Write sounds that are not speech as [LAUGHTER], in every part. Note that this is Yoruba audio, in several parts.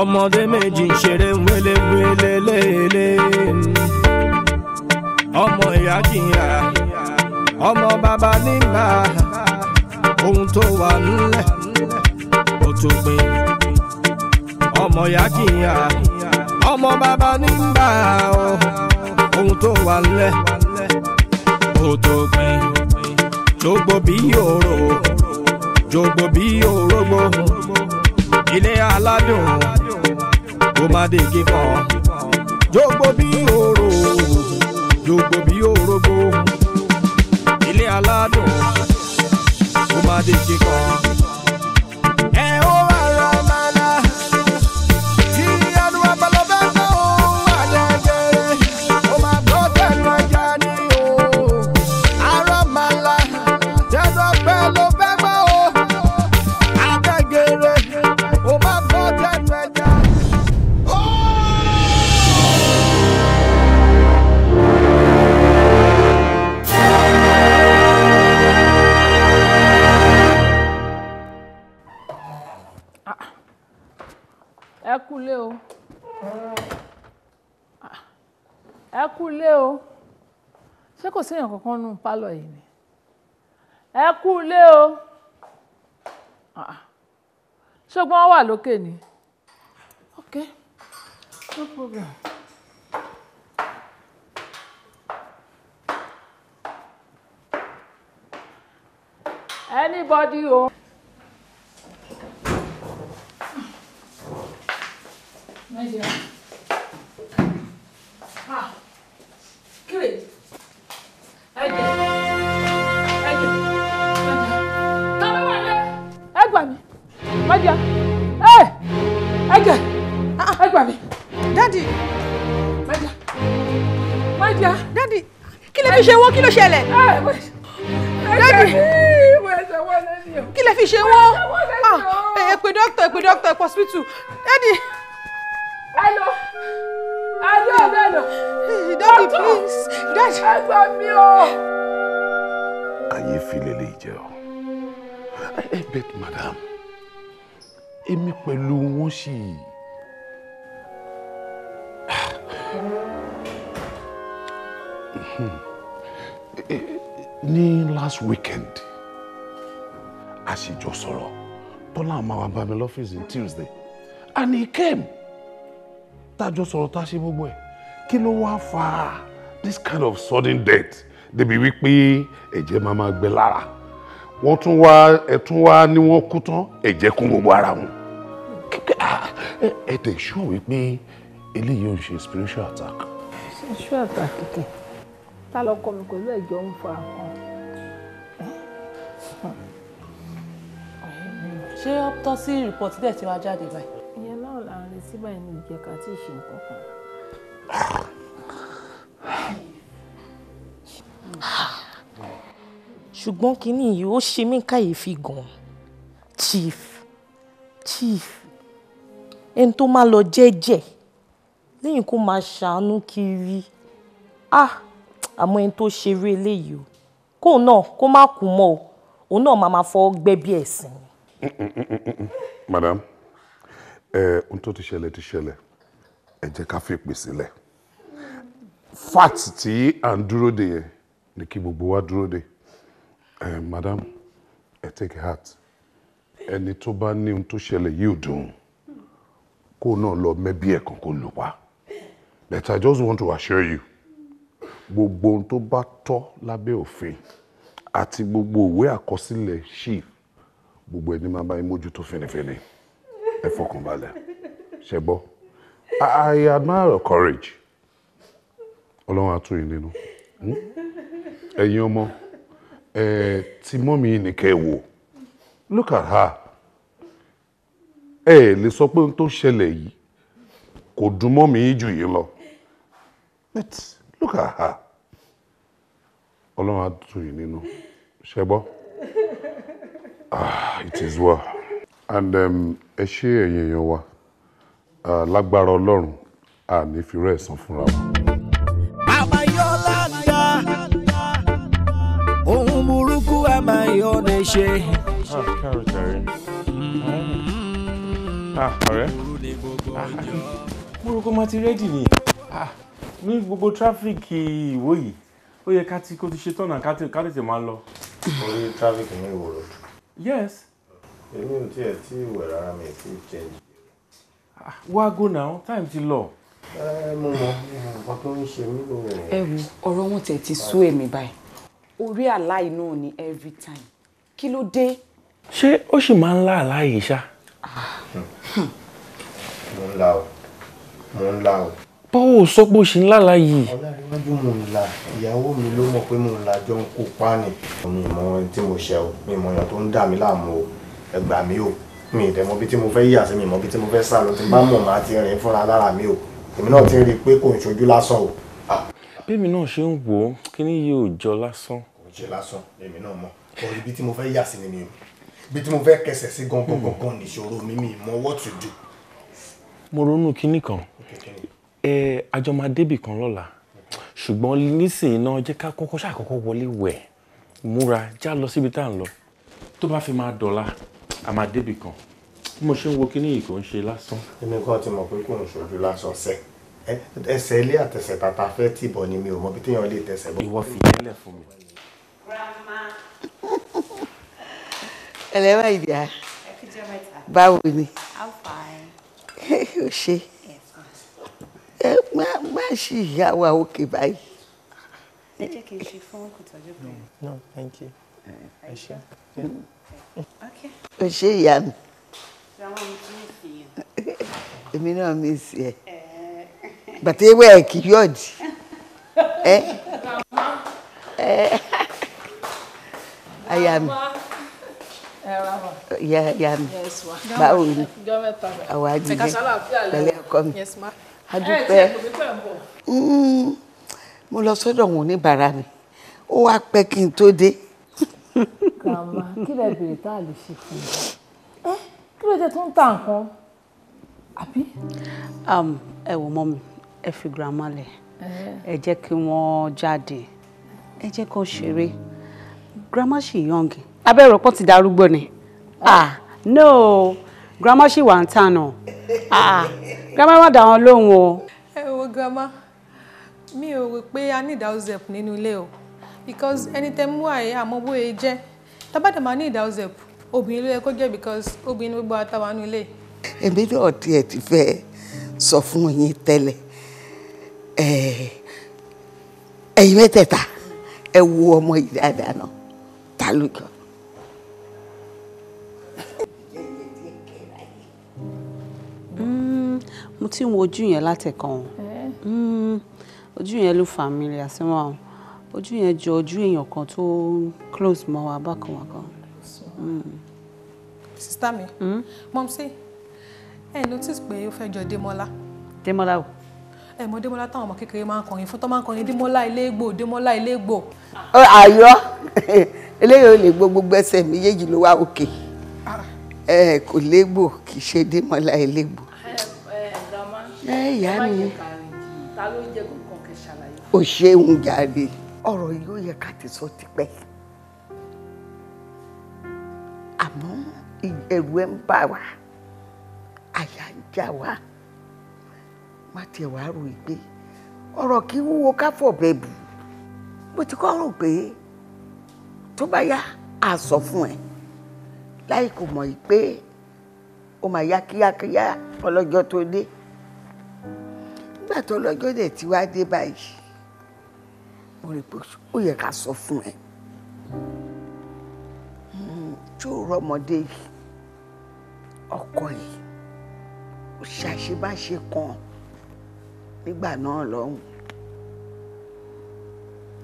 ọmọdé méjì ń ṣeré wéléwélélélé ọmọ ìyá kìíyà ọmọ bàbá nígbà ohun tó wà nílẹ̀ ó tún pé ọmọ ìyá kìíyà ọmọ bàbá nígbà ohun tó wà nílẹ̀ ó tún pé jogbo bí òrò jogbo bí òrógbó ilé aládùn tó bá dé kíkọ́ jogbo bí oró jogbo bí orógbó ilé aládùn tó bá dé kíkọ́. séèyàn kankan nù pálọ̀ yìí ni ẹ kú ilé o ṣùgbọ́n wọ́n wà lókè ni ok no problem. anybody o. My dear. Ah, great ẹ gbà mí mọ́jà ẹ ẹ jẹ ẹ gbà mí. dadi mọ́jà mọ́jà. dadi kí lè fi ṣe wọ́n kí ló ṣẹlẹ̀. dadi kí lè fi ṣe wọ́n ah, ẹ pè dókítà ẹ pè dókítà ẹ pọ̀ síbítù dadi. ẹ lọ ayé ọ̀rẹ́ nà. daddy please daddy. ẹ you mí o. ayé filẹ̀ lè jẹ́ o ẹ bẹ́ẹ̀ tí madam èmi pẹ̀lú wọn sì. Hmm. Eh, ní last weekend a sì jọ sọ̀rọ̀ Bọ́lá máa wá bá mi lọ́fíìsì ní Tuesday and he came tájọ sọ̀rọ̀ tá a ṣe gbogbo ẹ̀ kí ló wá fa this kind of sudden death débi wípé ẹ̀jẹ̀ máa máa gbẹ lára wọ́n tún wá ẹ̀tún wá ní wọ́n kú tán ẹ̀jẹ̀ kún gbogbo ara wọn ah, ẹ tẹ̀ ṣọ́ wípé eléyìí ò ṣe spiritual attack. spiritual attack kìkì ta lọkọ mi pẹ̀lú ẹ̀jọ̀ ń fa nǹkan. ṣé autopsy report dẹ̀ ti wá jáde báyìí títí báyìí ní ìjẹka tí ì ṣe nǹkan kan. ṣùgbọ́n kínní yìí ó ṣe mí káyèéfì gan-an chief chief ẹni tó máa lọ jẹ́jẹ́ lẹ́yìn kó máa ṣàánú kiri ah àmọ́ ẹni tó ṣeré eléyìí o kóun náà kó má kú mọ́ o òun náà máa máa fọ́ gbẹ́bí ẹ̀sìn. madam ẹ ohun tó ti ṣẹlẹ̀ ti ṣẹlẹ̀ ẹ jẹ́ ká fèpè sílẹ̀ fact tí à ń dúró de yẹn ni kí gbogbo wa dúró de ẹ madam ẹ take heart ẹni tó bá ní ohun tó ṣẹlẹ̀ yìí dùn kó náà lọ mẹ́bí ẹ̀kan kó lù pa but I just want to assure you gbogbo ohun tó bá tọ́ lábẹ́ òfin àti gbogbo ìwé àkọsílẹ̀ ṣì gbogbo ẹni máa bá yín mójútó fínífíní ẹ fọkàn balẹ̀ ṣe gbọ́ I admire your courage ọlọ́run á tù yín nínú hmm? ẹ̀yin ọmọ ẹ ti mọ́ mi nìkẹ́ wò look at her ẹ lè sọ pé ohun tó ṣẹlẹ̀ yìí kò dùn mọ́ mi jù yìí lọ but look at her ọlọ́run á tù yín nínú ṣe gbọ́ ah it is well and. Um, ẹ ṣé ẹ̀yin èèyàn wa lágbára ọlọ́run a ní fi rẹ̀ fúnra wa. àbáyọ́lá ta ohun burúkú àbáyọ́ lè ṣe. Ah, mm-hmm. ah, ọ̀rẹ́ ah, máa ti rẹ́dì ni ní gbogbo tráfíkì ìwó yìí ó yẹ ká ti kó ti ṣe tọ̀nà ká tètè máa lọ. orí tráfíkì ní ìwòrò. yes èmi ò tiẹ̀ tí ìwẹ̀ rárá mi kì í change. wá go now time ti lọ. ẹ mo mọ nǹkan tó ń ṣe mí o. ẹ wo ọ̀rọ̀ wọn tẹ̀ ti sú èmi báyìí orí àláì ni every time kí ló dé. ṣé ó sì máa ń lá àláì ṣá. mo ń la o mo ń la o. báwo sọ pé o ṣì ń lálàá yìí. ọlọ́run mo ń la ìyàwó mi ló mọ̀ pé mo ń la jọ ń kópa ni. mi ò mọ ohun tí mo ṣe o mi ò mọ èèyàn tó ń dà mí láàmú o ẹ gbà mí o mi ìdẹ̀ mọ́bí tí mo fẹ́ yíyà sí mi mọ́bí tí mo fẹ́ sá lọ tí bá mọ̀ máa ti rìn fúnra lára mi o èmi náà ti rí i pé kò ń ṣojú lásán o. bẹ́ẹ̀mi náà ṣe ń wò ó kíní yìí ò jọ lásán. kò jẹ lásán èmi náà mọ ọ̀rọ̀ ibi tí mo fẹ́ yà sí ni mi o ibi tí mo fẹ́ kẹsẹ̀ sí hmm. gangan gangan nìṣòro mi mi mọ what to do. mo ronú kíní kan ẹ àjọmọ débì kan lọ́la ṣùgbọ́n nísìnyí náà jẹ́ ká kọ́kọ́ ṣàkọ́kọ́ wọlé wẹ̀ múra já lọ síbi tá à ń lọ tó bá fi máa dọ̀la àmàdébì kan bí mo ṣe ń wo kíní yìí kò ń ṣe lásán. èmi kan ti mọ̀ pé kò ń ṣojú lásán sẹ́ ẹsẹ̀ ilé àtẹsẹ̀ tata fẹ́ tìbọ̀ ni mi ò mọ bí téèyàn lè tẹsẹ̀ bọ́. ìwọ fi tẹ́lẹ̀ fún mi. ẹlẹ́wà ìdí à báwo ni ó [LAUGHS] ṣe má ṣì yá wa òkè báyìí. ẹ jẹ́ kí n ṣe fún kò tọ́jú pé. no thank you. ẹ o ṣe ìyá mi. èmi náà mi sì ẹ bàtà ewé ẹ kì yóò di ẹ ẹ aya mi ya ya mi báwo ni àwọn àjíjẹ pẹ̀lẹ́ ọkọ mi adúpẹ́ mm, mo lọ sọ́dọ̀ wọn oníbàárà mi ó wá pẹ́ kí n tó dé grandma kí lẹ béèrè tá a lè ṣe fún mi ẹ kí ló dé tó ń ta nǹkan àbí. Um, ẹ wò mọ́ mi ẹ fi grandma lẹ̀ ẹ jẹ́ kí wọ́n jáde ẹ jẹ́ kó ṣeré grandma ṣì yọ̀ǹgì abẹ́rẹ́ pọ́ ti darúgbó ni ah. ah no grandma ṣì wà ń tàn ah grandma má dá wọn lóhùn o. ẹ wo grandma mi ò rò pé a ní ìdáhùn zep nínú ilé o because ẹni tẹ́ mú àyè àmọ́ owó e jẹ́ tábàdà máa ní ìdá ọ̀sẹ̀ obìnrin ló yẹ kó jẹ́ because obìnrin gbogbo àtàwọn àánú ilé. èmi náà tiẹ̀ ti fẹ́ sọ fún yín tẹ́lẹ̀ ẹ̀yin mẹ́tẹ̀ẹ̀ta ẹ wo ọmọ yìí dáadáa náà ta ló jọ. Hmm, mo ti ń wo ojú yẹn látẹ̀kọ̀ hmm, ojú yẹn ló familiar sí wọn ojú yẹn jọ ojú èèyàn kan tó close mọ́ wa bákan wa kan. Mm. sista mi mm. mom say, ẹ notice pé ó fẹ́ jọ Demola Démọ́lá o. ẹ mọ demola táwọn ọmọ kékeré máa ń kọrin fún tó máa ń kọrin Démọ́lá iléègbò Démọ́lá iléègbò. àyọ [LAUGHS] eléyìí ò lè gbó gbogbo ẹsẹ̀ méjèèjì ló wá òkè ah. ẹ kò léègbò kì í ṣe Démọ́lá iléègbò. ẹ ìyá mi. ta ló jẹ́ kó kàn kẹ́ ṣàlàyé. ṣeun jáde ọ̀rọ̀ yìí ó yẹ ká ti sọ tipẹ́ àmọ́ ẹ̀rù ẹ̀ ń bà wá àyà ń já wá má tiẹ̀ wá rò yìí pé ọ̀rọ̀ kì í wúwo ká fọ̀bẹ bù mo ti kọ́ rò pé tó bá yá a sọ fún ẹ láì kò mọ̀ yìí pé ó máa yá kíákíá ọlọ́jọ́ tó dé nígbà tó ọlọ́jọ́ dẹ̀ ti wá dé báyìí mo rí pé ó yẹ ká sọ fún ẹ hmm, tó rọmọdé yìí ọkọ yìí ó ṣàṣebáṣe kan nígbà náà lọ́hùn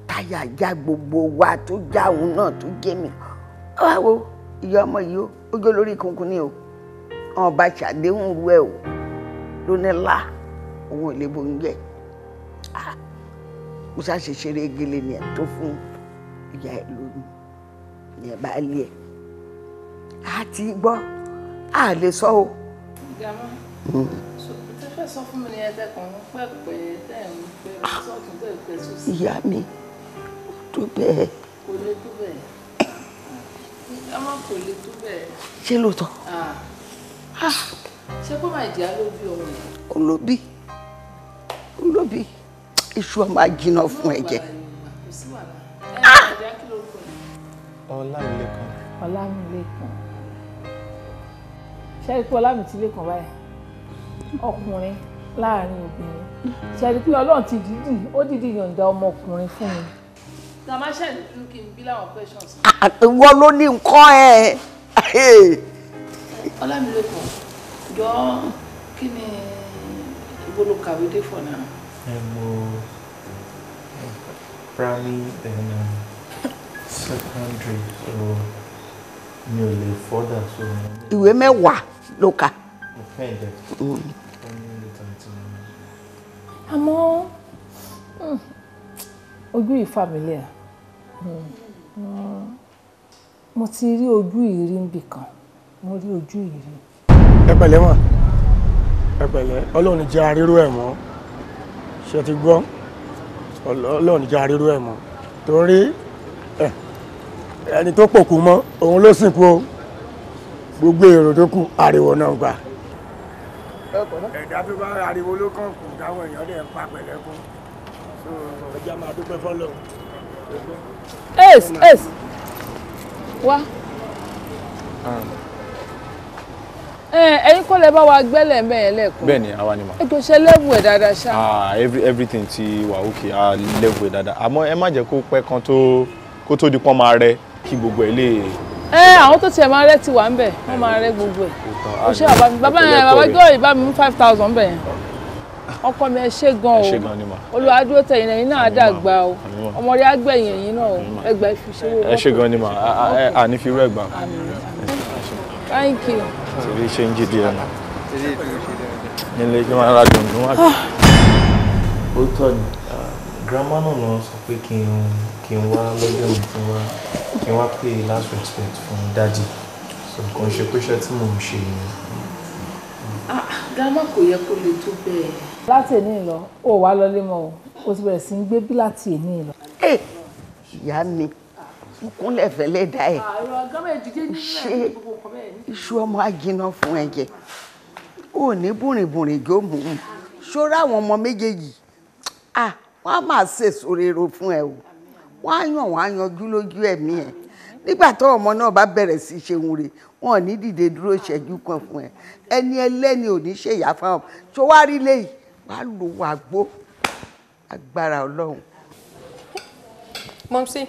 táyà já gbogbo wa tó já òun náà tó jẹ́ mi báwo ìyá ọmọ yìí ó jó lórí kunkun ni o àwọn ọba ṣàdéhùn rú ẹ o ló la òun ò lè bo oúnjẹ ah, ó ṣàṣe ṣeré ni ẹ tó fún ìyá ẹ ni ẹ bá lé a ti gbọ́ a lè sọ o. ìyá mi ó tó bẹ́ẹ̀. kò lè tó bẹ́ẹ̀ ìjàmá kò lè tó bẹ́ẹ̀. ṣé lóòótọ́. Ah. ṣé kó máa jẹ́ alóbi ọmọ rẹ̀. olóbi iṣu ọmọ àjìnà fún ẹ̀jẹ̀. Ah! ọlámilékan. ọlámilékan ṣe é pé ọlámilékan báyìí ọkùnrin láàrin obìnrin ṣe é pé ọlọ́run ti dídì ó dídì yọ̀ǹda ọmọkùnrin fún mi. tamasha ló kí n bí láwọn questions. wọ́n ló ní nǹkan ẹ̀. ọlámilékan jọ kí ni ìbolo kàwé dé fọ̀ náà. ẹ primary and um, uh, secondary so mi ò lè fọ́dà so. ìwé mẹ́wàá ló kà. mo fẹ́ ìjẹ́ mm. hmm, ojú yìí familiar hmm. mo ti rí ojú yìí rí níbì kan mo rí ojú yìí rí. ẹ pẹ̀lẹ́ mọ̀ ẹ pẹ̀lẹ́ ọlọ́run jẹ́ aríró ẹ̀ mọ́ ṣe ti gbọ́ ọlọ́run ìjà ríru ẹ̀ mọ́ torí eh, ẹni tó pòkú mọ́ òun ló sìnkú o gbogbo èrò tó kù ariwo náà gbà. ẹ̀dá tó bá ariwo ló kàn kù táwọn èèyàn dẹ̀ ń pa pẹ̀lẹ́kún ẹja máa dúpẹ́ fọ́lọ́. ace ace wá. Ah ẹ̀yin kọ́ lẹ bá wa gbẹ́lẹ̀ mẹ́yẹn lẹ́ẹ̀kan. bẹ́ẹ̀ ni àwa ni ma. ètò ṣe lẹ́bù ẹ̀ dáadáa ṣá. ah every everything ti wà òkè ah lẹ́bù ẹ̀ dáadáa àmọ́ ẹ má jẹ́ kó pẹ́ kan tó kó tó di pọ́n máa rẹ kí gbogbo ẹ̀ lè. ẹ àwọn tó tiẹ̀ máa rẹ ti wà ń bẹ̀ wọ́n máa rẹ gbogbo ẹ̀ o ṣe bàbá mi bàbá yẹn bàbá gbọ́ yìí mi five thousand bẹ̀ yẹn ọkọ mi ẹ ṣe gan o olùwádúró tẹ̀yìn ẹ̀yin náà dàgbà o ọmọ rẹ àgbẹ̀yìn ẹ̀yin náà o ẹgbẹ́ fi ṣe owó. ẹ ṣe gan ni ma a ní fi rú ẹ̀gbà. thank you torí ṣe ń jìdí ẹnu nílé kí wọ́n rájọ ọdún wá. ó tọ́ grandma no sọ pé kí n kí n wá lọ́jọ́ mi kí pay last respect from daddy. so kò ń ṣe pẹ́ṣẹ́ tí ah, grandma kò yẹ kó lè tó bẹ́ẹ̀. láti èní lọ ó wàá lọlé mọ́ o ó ti bẹ̀rẹ̀ sí í gbé bí kúnlẹ̀ fẹ́lẹ́ dá ẹ̀ ṣe ah, iṣu ọmọ aginá fún ẹ jẹ ò ní bùrìnbùrìn jó mú un ṣọ́ra àwọn ọmọ méjèèjì ah wọ́n á máa ṣèṣò rero fún ẹ o wọ́n á yàn wọ́n á yanjú lójú ẹ̀mí ẹ̀ nígbà tó ọmọ náà bá bẹ̀rẹ̀ sí ṣeun rè wọn ò ní dìde dúró ṣẹ́jú kan fún ẹ ẹni ẹlẹ́ni ò ní ṣèyà fáwọn tó wá rí léyìí wàá lò wá gbó agbára ọlọ́run. mọ́mísí.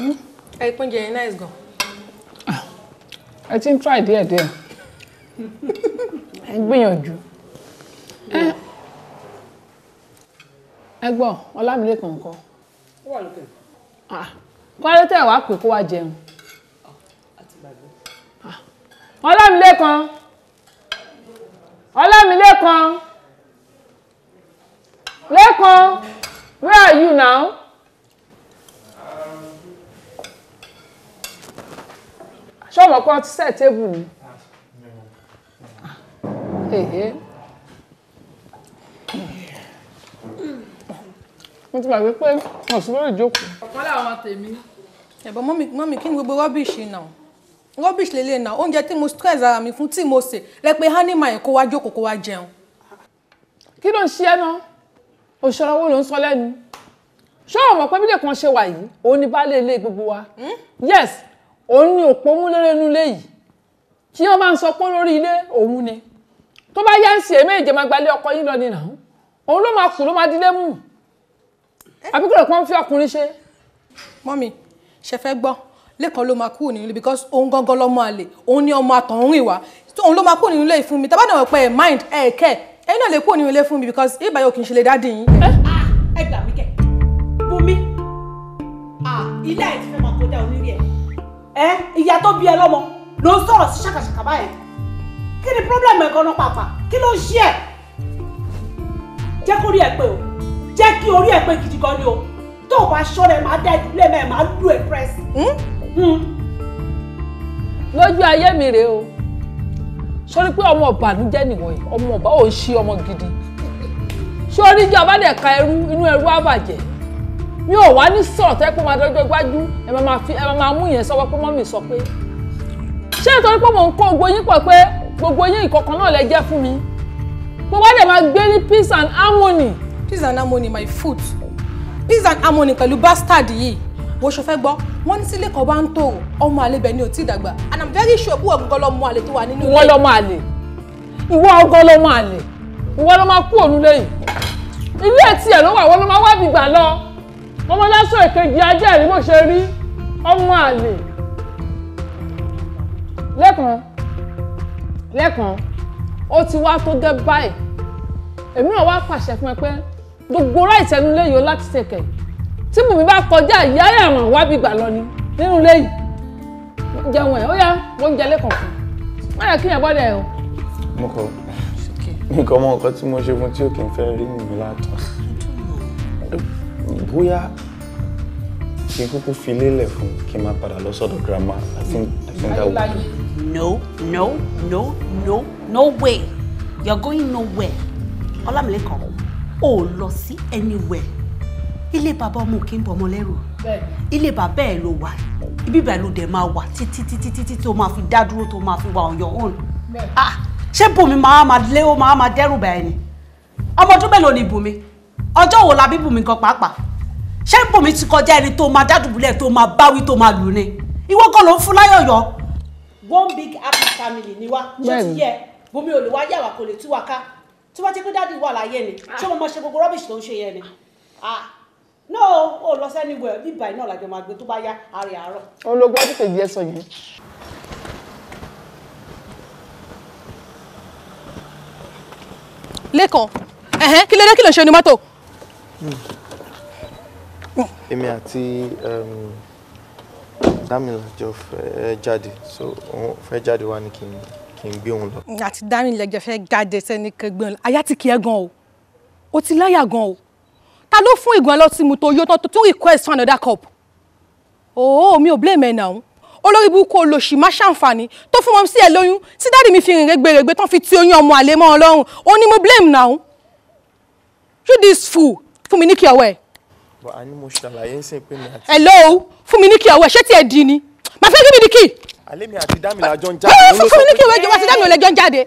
Hmm? ìpínjẹ yẹn nice gan. ẹ ti ń try díẹ̀ díẹ̀ ẹ ń gbìyànjú ẹ kan ọlámilẹ́kan nǹkan kọ́lé tẹ̀ wá pé kó wá kan, ọlámilẹ́kan ọlámilẹ́kan lẹ́kan where are you now. ṣọ́wọ́n kan ti sẹ́ẹ̀ tébù ni. mo ti gbàgbé pé ọ̀sùn lórí ìjókòó. ọ̀pọ̀ làwọn tèmi. ẹ̀bọ̀n mọ́mí kí ni gbogbo rọ́bìṣì náà rubbish lele na oúnjẹ tí mo stress ara mi fún tí mo sè lẹpẹ hanima yẹn kó wá jókòó kó wá jẹun. kí ló ń ṣe ẹ́ náà òṣèré owó ló ń sọ lẹ́nu ṣé ọmọ pé kan ṣe wà yìí òun ni baálé ilé gbogbo wa hmm? yes òun ni òpó múlẹ́rẹ́ nulẹ̀ yìí tí wọ́n bá ń sọ pé lórí ilé òun ni tó bá yá ń sè é méje máa gbalẹ̀ ọkọ yín lọ ni nà òun ló máa kù ló máa dilé mú àbí kò lè pọ́n fi ọkùnrin ṣe. mọ́mi ṣe fẹ́ gbọ́ lẹ́kọ̀ọ́ ló máa kú nínú ilé because òun gangan lọ́mọ àlè òun ni ọmọ àtọ̀hún ìwà òun ló máa kú nínú ilé fún mi tàbá náà pẹ́ ẹ̀ mind ẹ̀ kẹ́ ẹ̀yin náà lè kú nínú ilé fún mi because ìbáyọ̀ kì í ṣe lè dáàdì yín. Eh? Ah, ẹ gbà mí kẹ Bùnmi ah, ilé ẹ ti fẹ́ máa kọjá onírìí ẹ̀ ẹ eh, ìyá tó bí ẹ lọ́mọ ló ń sọ̀rọ̀ sí ṣàkàṣàkà báyìí kí ni pírọ́blẹ̀mù ẹ̀ gan-an pàpà kí ló ń ṣe ẹ̀ jẹ́ kó rí ẹ pé o jẹ́ kí orí ẹ pé gidi gan ni o tó o bá ṣọ́ra ẹ máa dá ìdílé mẹ́ẹ̀ máa lù ẹ pẹ́ẹ́sì. Hmm? Hmm. lójú ayé mi rèé o sórí pé ọmọ ìbànújẹ́ nìwọ̀n yìí ọmọ ọba ò ń ṣe ọmọ gidi sórí ìjọba dẹ̀ ka ẹrú inú ẹrú á mi ò wá ní sọ̀rọ̀ tẹ́ pé máa dọ́jọ́ gbájú ẹ máa fi ẹ máa mú yẹn sọ́wọ́ pé mọ́mì sọ pé ṣé nítorí pé mò ń kó gbogbo yín pọ̀ pé gbogbo yín ìkọ̀kan náà lẹ jẹ́ fún mi gbogbo àdè máa gbé ní peace and harmony. peace and harmony my foot peace and harmony pẹ̀lú bastard yìí wo ṣe fẹ́ gbọ́ wọ́n ní sílé kan bá ń tòrò ọmọ àlè bẹ̀ ni ò tí ì dàgbà and i'm very sure pé ọ̀gọ́ lọ́mọ àlè tó wà nínú ilé. ìwọ lọ́mọ àlè ìwọ ọgọ́ lọ́mọ àlè ìwọ lọ́mọ kú ọmọ lásán ìkejì ajá rí bó ṣe rí ọmọ àlè lẹ́kan lẹ́kan ó ti wá tó gẹ́ báyìí èmi náà wá pàṣẹ fún ẹ pé gbogbo ọ̀rọ̀ ìtẹnulé yìí ó láti ṣèkẹ̀ tí bùnmi bá kọjá ìyá ẹ̀ràn wá bí gbà lọ ni nínú ilé yìí jẹun ẹ̀ ó yá wọ́n ń jẹ lẹ́kàn fún un má yà kí yẹn bọ́dẹ̀ o. mo kọ [LAUGHS] mi kọ mọ nǹkan tí mo ṣe fún tí òkè ń fẹ́ rí mi látọ̀ bóyá kí n kúkú fi lélẹ̀ fún kí n máa padà lọ sọ́dọ̀ grandma i think i no no no no no way you're going nowhere ọlámilẹ́kan ò lọ sí anywhere ilé bàbá ọmọ òkè ń bọ ọmọ lẹ́rù ilé bàbá ẹ̀ ló wà ibi bàbá ló dẹ̀ máa wà títí títí títí tó máa fi dá dúró tó máa fi wà on your own ah ṣé bùnmi máa máa lé ó máa máa dẹ́rù bá ẹni ọmọ ọdún mélòó ni bùnmi ọjọ́ wo la bí bùnmi gan pàápàá ṣé bòmí ti kọjá ẹni tó máa dádùbúlẹ̀ tó máa báwí tó máa lù ni ìwọ kan ló ń fún láyọ̀ yọ. one big happy family ni wá ṣé ti yẹ bòmí ò lè wá yàwá kò lè tú wa ká tí wọ́n ti pín dádì wà láyé ni ah. ṣé mo máa ṣe gbogbo rọ́bìṣì tó ń ṣe yẹn ni ah. no o lọ sẹ́ni wẹ̀ bí ìbàyí náà làjọ máa gbé tó bá yá àárẹ̀ àárọ̀. ológun ọdún kejì ẹ sọ lẹ́kàn kí ló ṣe onímọ́tò. Hmm èmi àti um, Dámilá jọ fẹ́ jáde so òun fẹ́ jáde wá ní kí n kí n gbé òun lọ. àti Dámilá jọ fẹ́ jáde sẹ́ni kẹgbẹ́ òun àyà ti kí ẹ gan o o ti láyà gan o ta ló fún ìgbọ̀n ọlọ́tìmù tó yó tán tó request for another cup Oh, mi ò blame ẹ náà olórí burúkú olóṣì má ṣàǹfààní tó fún wọn sí ẹ lóyún tí dáàdì mi fi rìn rẹgbẹrẹgbẹ tán fi ti oyún ọmọ àlè mọ́ ọ lọ́rùn òun ni mo blame now you this fool fún mi ní kí ọwọ́ ẹ̀ hello fún mi ní kí ọwọ́ ṣé tiẹ̀ di ni màá fẹ́ kí mi ní kí. alẹ́ mi àti dámìlà jọ ń jáde. fún mi ní kí ìwé ìjọba àti dámìlà jọ ń jáde.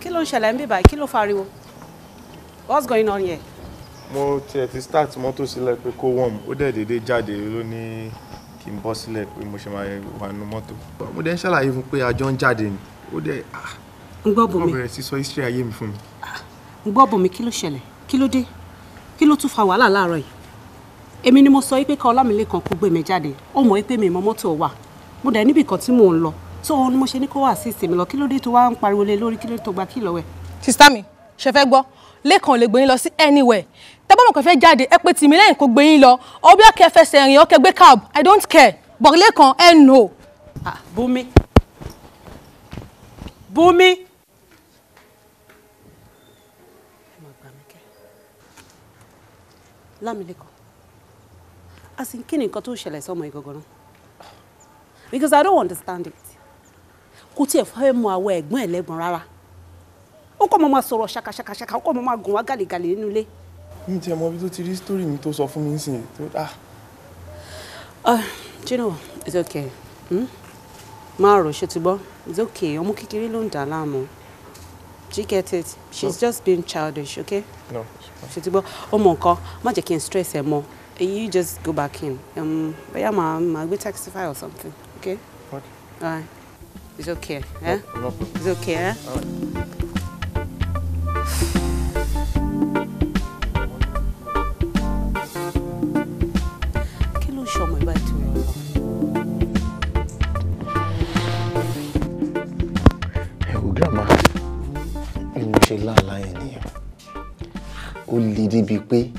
kí ló ń ṣẹlẹ̀ ń bèbà kí ló fariwo what's going on here. mo tiẹ̀ ti start mọ́tò sílẹ̀ pé kó wọ́n mu ó dẹ̀ déédéé jáde ló ní kí n bọ́ sílẹ̀ pé mo ṣe máa wà nínú mọ́tò. mo dẹ̀ ń ṣàlàyé fún pé àjọ ń jáde ni ó dẹ̀. ń gbọ́ bùnmi mi fún mi. ń gbọ́ bùnmi kí ló ṣẹlẹ̀ kí ló dé kí ló tún fa wàhálà láàárọ̀ yìí èmi ni mo sọ yìí pé ká ọlámilẹ́kan kó gbé mi jáde ó mọ̀ pé mi mọ̀ mọ́tò wà mo dẹ̀ níbì kan tí mò ń lọ tó òun ni mo ṣe ní kó wá sí ìsinmi lọ kí ló dé tó wá ń pariwo lé lórí kí ló tó gba kí lọ́wẹ́. sista mi ṣe fẹ́ gbọ́ lẹ́kàn lè gbé yín lọ sí anywhere tẹ́gbọ́n mọ̀ kàn jáde ẹ pé tìmí lẹ́yìn kó gbé yín lọ ọbí ọkẹ́ fẹsẹ̀ rìn ọkẹ́ gbé cab i don't care but lẹ́kàn ẹ̀ no. Ah, Bùnmi Bùnmi. Lámilẹ́kọ̀ọ́ asin kí ni nǹkan tó ń ṣẹlẹ̀ sọ́mọ ìgangan náà because I don't understand it kò tiẹ̀ fẹ́ mọ àwọn ẹ̀gbọ́n ẹ̀lẹ́gbọ̀n rárá ó kọ́ mọ máa sọ̀rọ̀ ṣakaṣakaṣaka ó kọ́ mọ máa gùn wá gàlégàlé nínú ilé. mi ti ẹ mọ ibi tó ti rí sítórì mi tó sọ fún mi nísìnyí tó ah. ah. do you know it's okay máa rò ṣe ti gbọ́ it's okay ọmọ kékeré ló ń dà láàmú do you get it she's just being childish okay. no ṣe ti gbọ́ ọmọ nǹkan má jẹ́ kí n stress ẹ mọ́ eh, you just go back in um, bóyá màá màá gbé taxify or something okay. okay. All it's okay. Eh? No, no it's okay. Eh? All right. ṣe láàlá yẹn nìyẹn ó le débi pé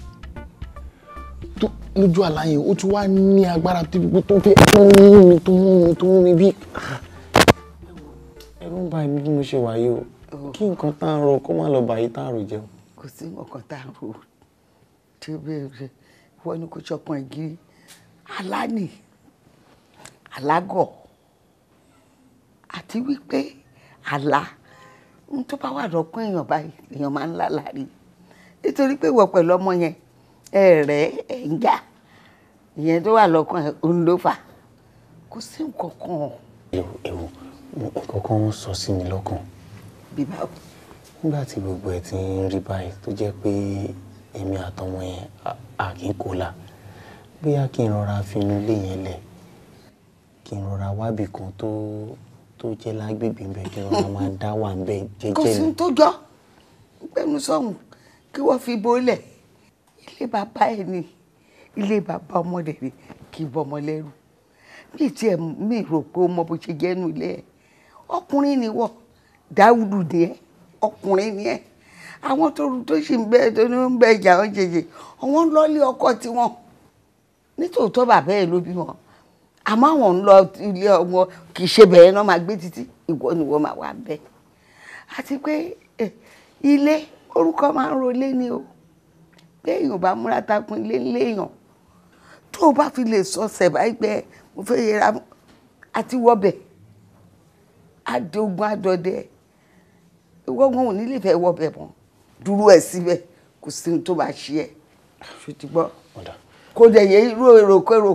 lójú àlàyé ó tún wá ní agbára tó fẹ́ tó mú mi tó mú mi tó mú mi bí ẹ̀rù ń bà mí bí mo ṣe wà yìí o kí nǹkan tá a rò kó má lọ bàyí tá a rò jẹun. kò sí nǹkan tá a rò tí ó béèrè wọ́n ní kó ṣọkan ìgírí alání alágọ̀ àti wípé àlá ń tó bá wà lọ́kàn èèyàn báyìí èèyàn máa ń lá láàrin nítorí pé ìwọ pẹ̀lú ọmọ yẹn ẹ̀rẹ́ ẹ̀ ń jà ìyẹn tó wà lọ́kàn ẹ̀ ń ló fà kò sí nǹkan kan. ẹ̀rù ẹ̀rù nǹkan kan ń sọ sí mi lọ́kàn. bíbá o. nígbà tí gbogbo ẹ̀ ti ń rí báyìí tó jẹ́ pé èmi àtọmọ yẹn à kì í kó bóyá kí n rọra finú ilé yẹn lẹ̀ kí n rọra wábì kan tó tó jẹ́ lágbègbè ń bẹ kí n rọra máa dá wà ń bẹ jẹ́jẹ́ kò sí ní tó jọ gbẹnu sọ̀hún kí wọ́n fi bólẹ̀ ilé bàbá ẹ̀ ni ilé bàbá ọmọdé ni kì í bọ́mọ lẹ́rù mi tiẹ̀ mi rò pé ó mọ bó ṣe jẹ́nu ilé ẹ̀ ọkùnrin ni wọ́ dáúdù ni ẹ ọkùnrin ni ẹ àwọn tó tó sì ń bẹ tó ní ń bẹ ìjà wọn jẹjẹ àwọn ń lọ́ọ́lé ọkọ tiwọn nítòótọ́ bàbá ẹ̀ ló bí wọn àmọ́ àwọn ń lọ ilé ọmọ kì í ṣe bẹ̀rẹ̀ náà máa gbé títí ìwọ ni wọ́n máa wà bẹ́ẹ̀ àti pé eh, ilé orúkọ máa ń rolé ni o léèyàn bá múra takun ilé léèyàn tó o bá fi lè sọ sẹ̀bá ẹgbẹ́ mo fẹ́ yẹra àti wọbẹ̀ adógun adọdẹ ìwọ́gbọ́n òní lè fẹ́ wọbẹ̀ mọ́ dúró ẹ̀ síbẹ̀ kò sí ohun tó bá ṣe ẹ̀ ṣùtì gbọ́ kò dẹ̀ yẹ irú èròkérò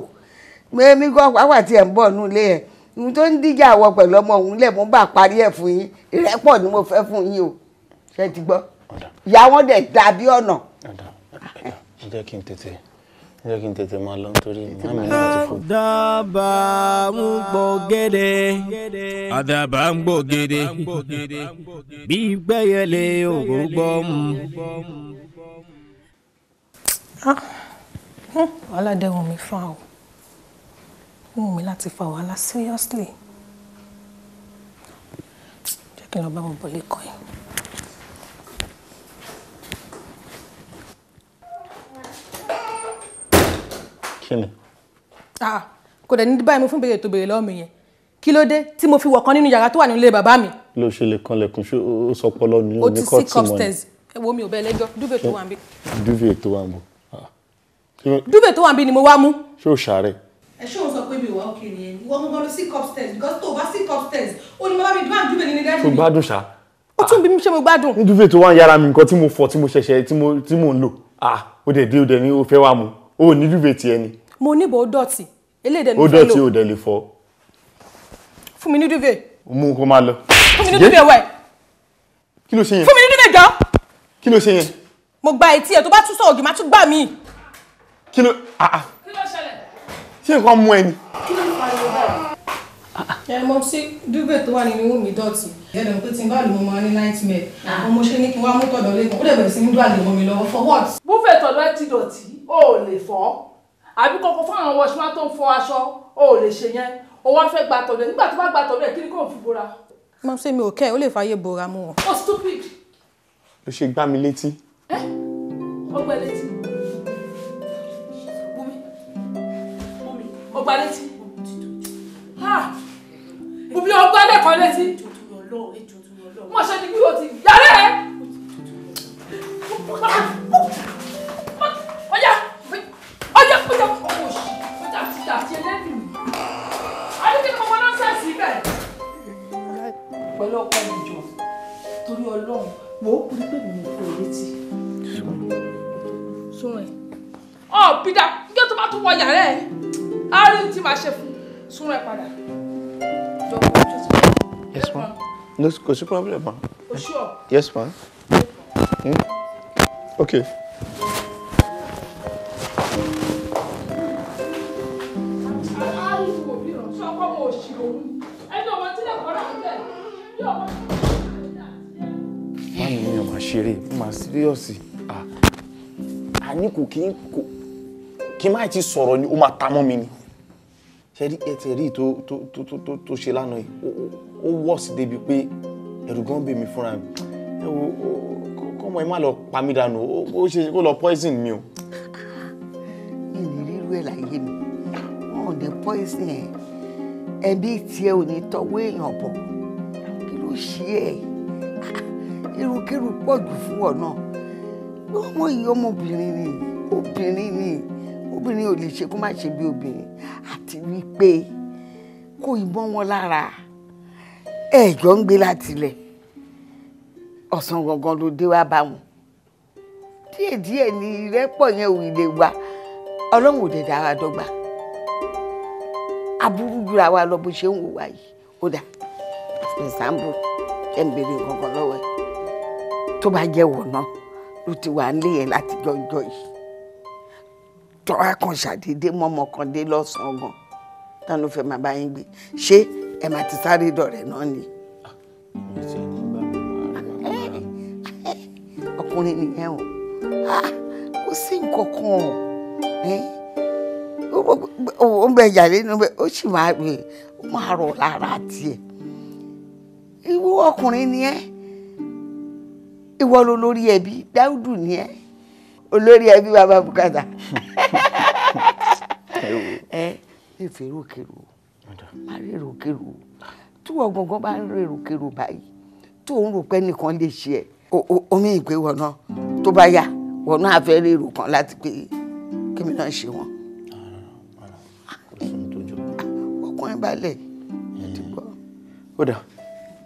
mẹ́mí gan pàápàá tiẹ̀ ń bọ̀ nù lé ẹ̀ ohun tó ń díjà àwọ̀ pẹ̀lú ọmọ òun lẹ̀ mú bá parí ẹ̀ fún yín ìrẹ́pọ̀ ni mo fẹ́ fún yín o ṣe ti gbọ́ ìyá wọn dẹ̀ dàbí ọ̀nà. jẹ́ kí n tètè jẹ́ kí n tètè máa lọ nítorí màmí náà ti fò. àdàbà ń gbọ́ gẹ́dẹ́ àdàbà ń gbọ́ gẹ́dẹ́ bí gbẹ́yẹlé ògbógbọ́ mu. aládẹ́wọ̀n mi fa o wọ́n mi láti fa wàhálà seriously jẹ́ kí n lọ bá wọn bọ̀ lẹ́kọ̀ọ́ yìí. ṣé mi. Ah, kò dẹ̀ ní báyìí mo fún ìbéèrè tó béèrè lọ́wọ́ mi yẹn kí ló dé tí mo fi wọ̀kan nínú yàrá tó wà nílé bàbá mi. ló ṣe lè kanlẹ̀kùn ṣé ó sọ pọlọ ní kọ́ọ̀tì mọ́ ni. o ti sick upstairs ẹ wo mi ò bẹ lẹ́jọ́ dúvè tó wà ń bí. dúvè tó wà ń bọ̀. Ah. tó wà ń ni mo wá mú. ṣé o ṣàárẹ̀. ẹ ṣé òun sọ pé mi ò wá òkè nìyẹn ìwọ mo gbọ́dọ̀ sick upstairs because tó o tún bí mi ṣe mo gbádùn. ní dúvè tó wà ń yára mi nǹkan tí mo fọ tí mo ṣẹ̀ṣẹ̀ tí mo lò ah ó dẹ̀ dé ó dẹ̀ ní ó fẹ́ wá mu o ní dúvé tiẹ̀ ni. mo níbo ó dọ̀tí eléyìí ó dọ̀tí ó dẹ̀ lè fọ. fún mi ní dúvé. mú kó máa lọ. fún mi ní dúvé wẹ̀. kí ló ṣe yẹn. fún mi ní dúvé jọ. kí ló ṣe yẹn. mo gba etí ẹ tó bá tún sọ ògì má tún gbà mí. kí ló ah ah. kí ló ṣẹlẹ̀. ṣé nǹkan mú ẹ ni. kí ló ń pariwo ẹ mọ sí dúgbè tó wà nínú ìwọ̀n mi dọ̀tí ẹ̀rọ pé tí n bá lò mo máa ní nightmare àwọn ah. ọmọ ṣe ní kí n wá mú tọ̀dọ̀ lẹ́kọ̀ọ́ ó dẹ̀ bẹ̀rẹ̀ sí ní dúàlè mọ́ mi lọ́wọ́ for what. búfẹ̀ tọ̀dọ̀ ẹ ti dọ̀tí o ò lè fọ́ àbí kọ́kọ́ fún àwọn wọ́ṣọ́ máa tó ń fọ aṣọ o ò lè ṣe yẹn o wá fẹ́ gba tọ̀dọ̀ nígbà tó bá gba tọ̀dọ̀ ẹ̀ kí ni kò fi bora. mo ṣe mi ò kẹ́ ẹ̀ ó lè fàyè bora mu wọn. o stupid. ló ṣe gbá mi létí. ẹ ọgbà létí bumi bumi ọgbà létí mo fi ọgbọ́n lẹ́kọ̀ọ́ létí. mo ṣe ni bí o ti yàrá ẹ. ọjà ọjà ọjà ọjà ti dà sí ẹlẹ́nu. adúgbò kọ́kọ́ náà ṣe sí bẹ́ẹ̀. pẹ̀lú ọkọ ìjọ torí ọlọ́run wo rí pé mi ò fẹ́ létí. sún ẹ. ọ bídà nígbà tó bá tún wọ yàrá ẹ á rí ti máa ṣe fún sún ẹ padà. Yes, ma'am. No, kò sí problem, ma'am. Oh, sure. Yes, ma'am. Hmm? Okay. Máàmù mi ò máa ṣeré, mo máa síríọ̀sì. Ah, àní kò kí n kò kí n máa ti sọ̀rọ̀ ni ó máa ta mi ni ṣe rí ẹtì rí tó tó tó tó tó ṣe lánàá yìí ó wọ́ọ̀sì débi pé ẹ̀rù gan bèmí fúnra mi ẹ wo kọ́mọ ẹ má lọ pa mí dànù ó ṣe kó lọ poison mi o. ìní rírú ẹ̀ láyé mi wọn ò ní poison ẹ̀ ẹbí tiẹ̀ ò ní tọwọ́ èèyàn bọ̀ kí ló ṣe ẹ̀ irúkírú pọ̀ jù fún ọ náà ọmọ yìí ọmọbìnrin ni obìnrin ni obìnrin ò lè ṣe kó má ṣe bí obìnrin àti wípé kó ìbọn wọn lára ẹ̀jọ́ ń gbé látilẹ̀ ọ̀sán gangan ló dé wá bá wọn díẹ̀díẹ̀ ni ìrẹ́pọ̀ yẹn ò lè wá ọlọ́run ò dẹ̀ dá wa dọ́gba aburú jura wa lọ bó ṣe ń wò wá yìí ó dà ìsàmbù ẹ̀ ń bèrè gangan lọ́wọ́ ẹ̀ tó bá jẹ́ wọ̀ náà ló ti wà ń lé yẹn láti jọjọ yìí tọ́ra kan ṣàdédé mọ́mọ́ kan dé lọ́sàn-án gan tán ló fẹ́ máa bá yín gbé ṣé ẹ máa ti sáré dọ̀rẹ́ náà ni. ọkùnrin nìyẹn o ah, kò sí nǹkan kan o ó ń bẹ ìyàlé nínú bẹ ó sì máa gbé ó máa rọ̀ lára tiẹ̀ ìwọ ọkùnrin nìyẹn ìwọ ló lórí ẹbí dáúdù nìyẹn olórí ẹbí bàbá bùkátà [LAUGHS] ẹ ìfẹ́ rúkèrú má rí rúkèrú tí wọ́n gangan bá ń rí rúkèrú báyìí tó ń rò pé nìkan lè ṣe ẹ̀ omi ìgbé wọ̀nà tó bá yá wọ̀nà àfẹ́ rí rúkan láti pé kémi náà ṣe wọn. ọkùnrin balẹ̀ ti ó dà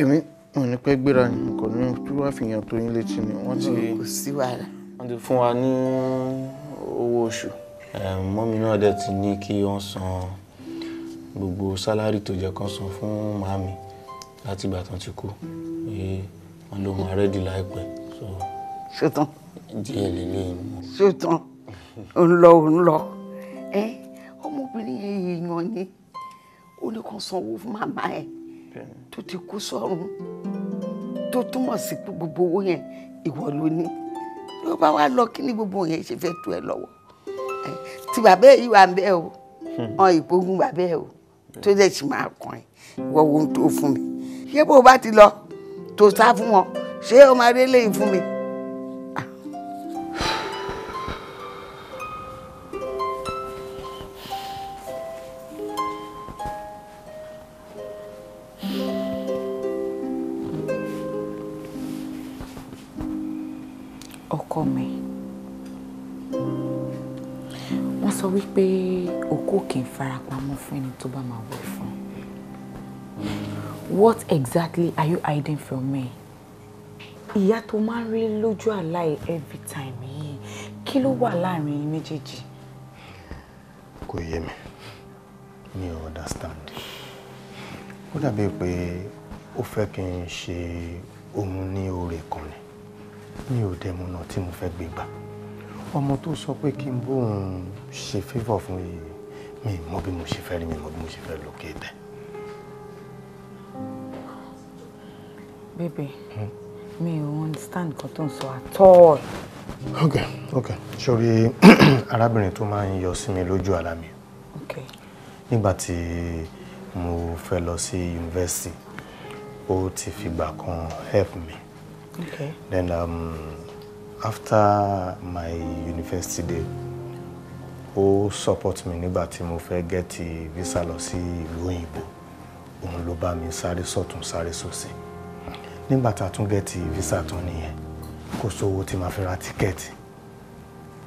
èmi ò ní pẹ́ gbéra ni kò ní tí wàá fi yàn tó yín létí ni wọ́n ti. kò sí wàhálà wọ́n ti fún wa ní owó oṣù. mọ́mí náà dẹ̀ ti ní kí wọ́n san gbogbo sálárì tó jẹ́ kán san fún màmí láti ìgbà tán ti kú wọ́n ló máa rẹ́dì láìpẹ́. ṣetán. díẹ̀ lélẹ́yìn mọ́. ṣetán ń lọ ń lọ ẹ ọmọbìnrin yẹn èèyàn ni ó ní kó sanwó fún màmá ẹ tó ti kú sọ́run tó túmọ̀ sí gbogbo owó yẹn ìwọ ló ní ló bá wá lọ kí ni gbogbo yẹn ṣe fẹ́ tu ẹ lọ́wọ́ tí bàbá yìí wà ń bẹ́ o ọ̀n ìgbógun bàbá ẹ o tó dẹ̀ sì máa kàn ẹ́ wọ́n wo ohun tó fún mi ṣé bó o bá ti lọ tó sá fún wọn ṣé o máa rí eléyìí fún mi. ọkọ mi wọ́n sọ wípé òkú kì í farapamọ́ fún ẹni tó bá máa wẹ̀ fún what exactly are you hiding from me ìyá tó máa ń rí lójú àlá ẹ every time yìí kí ló wà láàrin yín méjèèjì. kò yé mi mi ò understand ó dàbí pé ó fẹ́ kí n ṣe òun ní oore kan ni mi ò dẹ̀mọ̀nà tí mo fẹ́ gbé gbà ọmọ tó sọ pé kí n bóun ṣe favour fún yìí mi mọ bí mo ṣe fẹ́ rí mi mọ bí mo ṣe fẹ́ lókè tẹ̀. Baby, hmm? mi ò understand nǹkan tó ń sọ at all. ok ok sori [CLEARS THROAT] arábìnrin tó máa ń yọ sí mi lójú ara mi nígbà tí mo fẹ́ lọ sí yunifásitì ó ti fìgbà kan help me. Okay. Then um, after my university day, ó support me? nígbà tí mo fẹ́ get visa lọ sí ìlú òyìnbó. Òun ló bá mi sáré sọ̀tún sáré sósì. Nígbà tá a tún get visa tán nìyẹn, kò sówó tí màá fi ra tíkẹ́ẹ̀tì.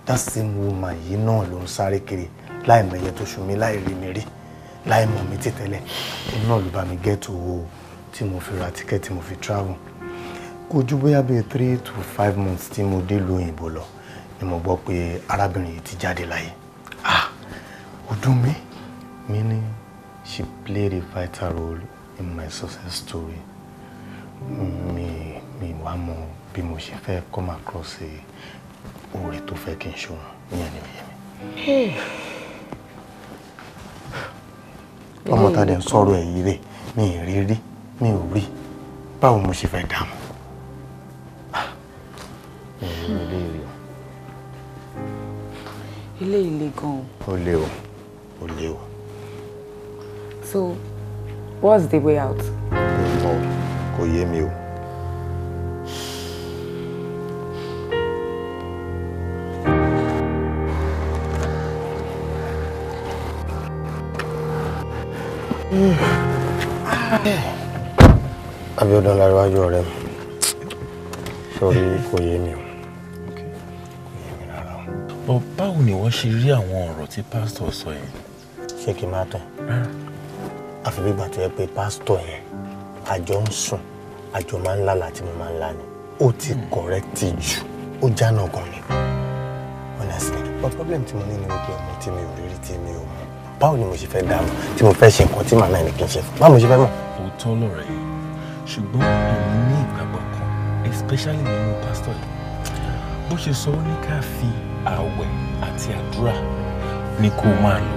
That same woman yìí náà ló ń sáré kiri láì mẹyẹ tó ṣù mí láì rí mi rí láì mọ̀ mí títẹ́lẹ̀. Òun náà ló bá mi get owó tí mo fi ra tíkẹ́ẹ̀tì mo fi travel kò ju bóyá bíi three to five months tí mo dé lu òyìnbó lọ ni mo gbọ́ pé arábìnrin yìí ti jáde láyé ah ọdún mi mi ni she played a vital role in my success story mi mi wá mọ bí mo ṣe fẹ́ come across a oore tó fẹ́ kí n ṣòro yẹn ni yẹn mi. ọmọ tá a dẹ̀ ń sọ̀rọ̀ ẹ̀ yìí rè mi ì rí rí mi ò rí báwo mo ṣe fẹ́ dààmú ẹ̀yìn ilé ìlú. ilé ìlé gan-an. ó lé o ó lé o. so what's the way out. mi mọ kò yé mi o. Abíọ́dún Lárúwájú ọ̀rẹ́ mi sórí kò yé mi o bọ́ báwo ni wọ́n ṣe rí àwọn ọ̀rọ̀ tí pásítọ̀ sọ yẹn. ṣé kí n máa tán àfi bí gbà tó yẹ pé pásítọ̀ yẹn àjọ ń sùn àjọ máa ń lálàá tí mo máa ń lá ni ó ti kọ̀rẹ́tì hmm. jù ó jáná gan ni honestly but problem tí mo ní ni wípé ọmọ tí mi ò rírí tí mi ò mọ báwo ni mo ṣe fẹ́ dààmú tí mo fẹ́ ṣe nǹkan tí màmá ẹni kì í ṣe fún báwo mo ṣe fẹ́ mọ̀. òótọ́ lọ̀rọ̀ yìí ṣùgbọ́n èmi ní ìgbàgbọ́ kan especially nínú pásítọ̀ yìí bó ṣe sọ ó ní ká fi àwẹ̀ àti àdúrà ni kó máa lò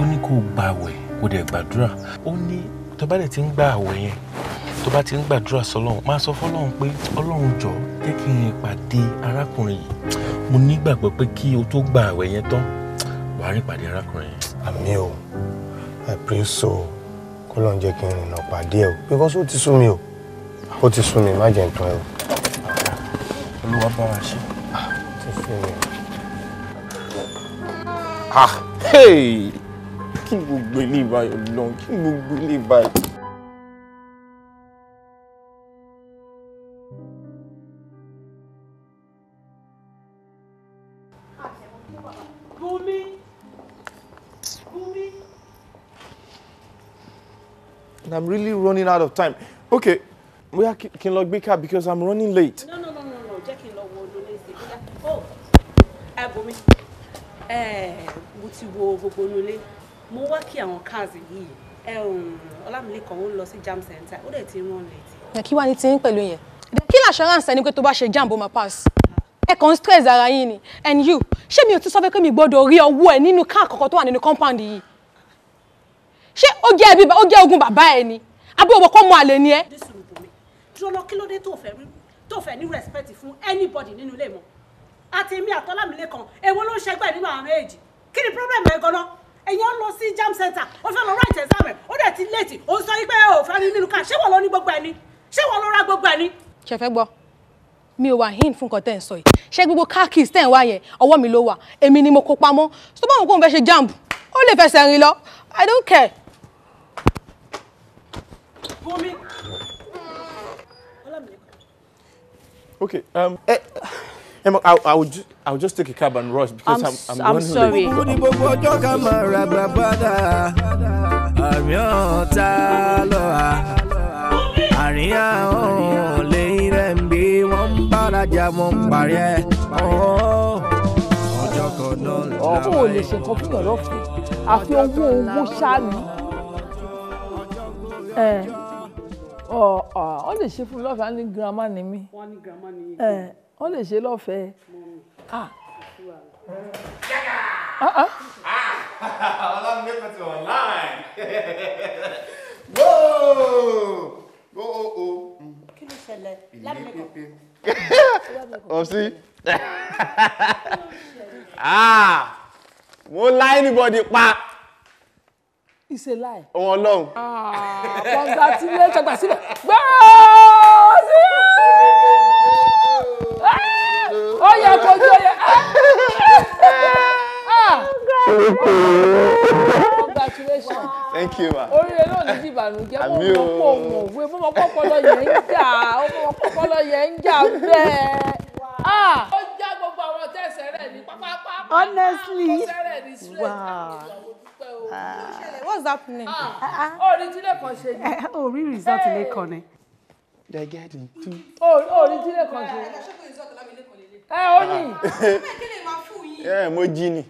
ó ní kó gba àwẹ̀ kó dẹ̀ gbàdúrà ó ní tó bá dẹ̀ ti ń gba àwẹ̀ yẹn tó bá ti ń gbàdúrà sọlọ́run máa sọ fọlọ́run pé ọlọ́run jọ jẹ́ kí n pàdé arákùnrin yìí mo nígbàgbọ́ pé kí o tó gba àwẹ̀ yẹn tán wàá rí pàdé arákùnrin yẹn. àmì o I pray so kó lọ́n jẹ́ kí n rìnnà pàdé ẹ̀ o because ó ti sú mi o ó ti sú mi má jẹ́ o. olúwa bá wa ṣe. Ah, ó ti sú mi o ah hey kí gbogbo ilé ìbáyọ̀ lọ kí gbogbo ilé ìbáyọ̀. And I'm really running out of time. Okay, we are n lọ Bika because I'm running late. No, no, no, no, no. Jẹ́ kí n lọ wo Odolese. Oh, ẹ bomi. Eh, mo ti wo gbogbo inú ilé mo wá kí àwọn cars yìí eh, um, ọlámilẹ́kan ó lọ sí jam center ó dẹ̀ ti rán létí. kí wàá ní ti ń pẹ̀lú yẹn kí l'assurance ẹni pé tó bá ṣe jam bó máa pass ẹ kàn ń stress ara yín ni and you ṣé mi ò ti sọ fẹ́ pé mi gbọ́dọ̀ rí ọwọ́ ẹ nínú káà kọ̀ọ̀kan tó wà nínú compound yìí ṣé ó jẹ́ ẹbí ó jẹ́ ogun bàbá ẹ ni àbí òwò kọ́ mọ àlè ni ẹ. dúró lọ kí ló dé tó tó fẹ́ ní respect fún anybody nínú ilé mọ́ àti èmi àtọ́lámilẹ́kan èwo ló ń ṣẹgbẹ́ nínú àwọn méjì kí ni problem ẹ̀ gan-an èèyàn lọ sí JAMB center ó fẹ́ lọ write exam ẹ̀ ó dẹ̀ ti late ó sọ pé ò fẹ́ ní nínú ká ṣé wọ́n lọ ní gbogbo ẹni ṣé wọ́n lọ ra gbogbo ẹni. ṣe fẹ́ gbọ́ mi ò wà hin fún nǹkan tẹ́ ẹ̀ ń sọ yìí ṣé gbogbo káàkiri tẹ́ ẹ̀ ń wá yẹn ọwọ́ mi ló wà èmi ni mo kó pamọ́ tó bá wọn kó n fẹ́ ṣe JAMB ó lè fẹsẹ̀ rìn lọ I don't care. Bomi. Okay. Um, eh, Emma, I, I would ju- I would just take a cab and rush because I'm I'm, I'm, I'm going sorry. àríyá ọ̀hún lẹ́yìn rẹ̀ ń gbé wọ́n ń bárajà wọ́n ń parí ẹ̀ ọjọ́ kan náà ọmọ ò lè ṣe fún ọ̀rọ̀ fún àfi owó owó ṣáàlú ẹ ọ ọ lè ṣe fún mi ní girama ni mí wọ́n ní grandma ni ẹ wọ́n lè ṣe lọ́fẹ̀ẹ́. Ah. Ah, ah. [LAUGHS] ọlọ́run nípa ti online. [LAUGHS] Oh, oh. kí ló ṣẹlẹ̀ lámìlẹ́kọ̀ọ́. ọ̀sí mo lá anybody pa. It's a lie. Òun Ọlọ́run. Congratulations gbà síbẹ̀. Gbọ́ọ̀ sí i ó yẹ kojú Ah, yẹ. Oh, congratulations. thank you ma. honestly wow. what's happening. Oh, tí lè kàn ṣe ni. orí result lè kàn ni. they're getting two. orí tí lè kàn ṣe ni ẹ ó yìn. Ah. ẹ mo jí ni.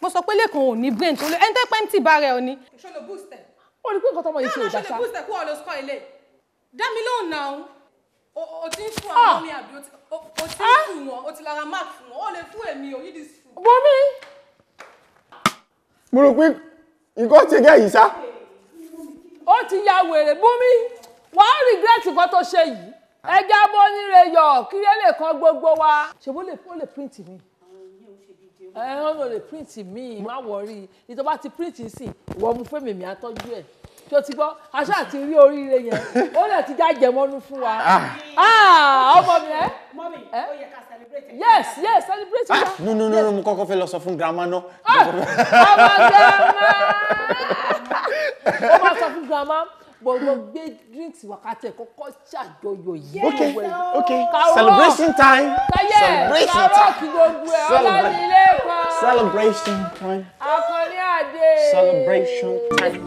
mo sọ pé lẹ́kàn ò ní brain tó lé ẹni tẹ́ pẹ́ ń tì bá rẹ̀ ọ ni. ṣọlọ boost ẹ. ó ní pé nǹkan tọmọ yìí ṣe ìjà ah, ṣá. ṣọlọ boost ẹ kó ọ lọ sọ ilé dá mi lóhùn náà o ti ń fún ah. àwọn mi àbí o ti ń fún wọn o ti lára mark fún wọn o lè fún èmi o yìí dis fún. bọ́mí. mo rò pé nǹkan ti gẹ́ yìí sá. ó ti ya wèrè bọ́mí wàá regret nǹkan tó ṣe yìí ẹja bó níre yọ kí lè lè kan gbogbo wa ṣe bó lè ó lè print mi ẹ ó lè print mi má wọrí ìtọ́ bá ti print sí ìwọ mu fẹ́mi mi àtọ́jú ẹ̀ tó ti gbọ́ aṣọ àti rí oríire yẹn ó lè ti já jẹmọ́nú fún wa ah. Ah, ọmọ mi ẹ. mọ́mí ó yẹ ká celebrate. yes yes celebrate ah, wa. no no no mo kọ́kọ́ fẹ́ lọ sọ fún grandma náà. ọmọ grandma [LAUGHS] ó máa sọ fún grandma gbọ̀gbọ̀ gbé drinks wákàtí ẹ̀ kọ́kọ́ ṣàjọyọ̀ ok ok celebration time celebration time celebration time celebration time.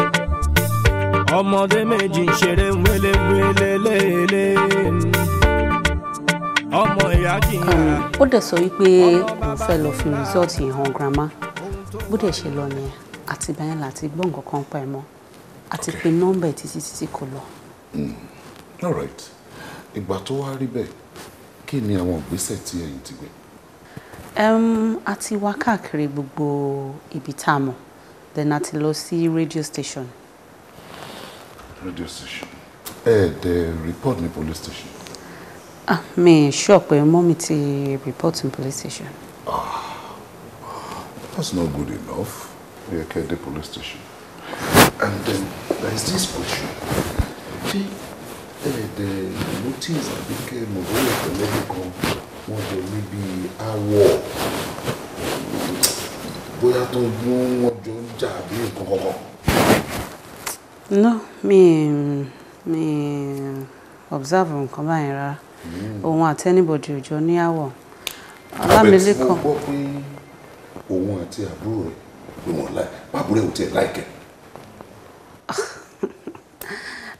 ọmọdé méjì ń ṣeré wele wele lele ọmọ ìyá kì í yára. ó dẹ̀ sọ wípé mo fẹ́ lọ fi rìsọ́ọ̀tì hàn grandma bó dẹ̀ ṣe lọ nìyẹn àtìgbà yẹn láti gbọ́ nǹkan kan pa mọ́ àti pé nọ́mbà ẹ̀ títí títí kò lọ. Hmm. all right ìgbà tó wá rí bẹ́ẹ̀ kí ni àwọn ìgbésẹ̀ tí ẹ̀yin ti gbé. a ti wá káàkiri gbogbo ibi tá a mọ̀ then a ti lọ sí radio station. radio station ẹ ẹ dẹ report ní police station. ah mi sure pé mọ́mí ti report ní police station. ah that's not good enough. yẹ kẹ́ ẹ dé police station. And then there is this question. Ṣé ẹ̀ẹ́dẹ̀ eh, notice àbíkẹ́ mọ̀gbọ́n ìpẹ̀lẹ́bí kan wọ́n jọ níbi awọ̀ bóyá tó ń gbọ́n wọ́n jọ ń jà bí nǹkan kankan? No, mi mi observe nǹkan báyìí rárá. Hmm. Òun àti anybody ò jọ ní awọ̀. Ah, Ọlámilékan. Àbẹ̀ wọ́n gbọ́ pé òun àti àbúrò rẹ̀ pé wọ́n láì, bàbúrò ẹ̀ ò tiẹ̀ láìkẹ́.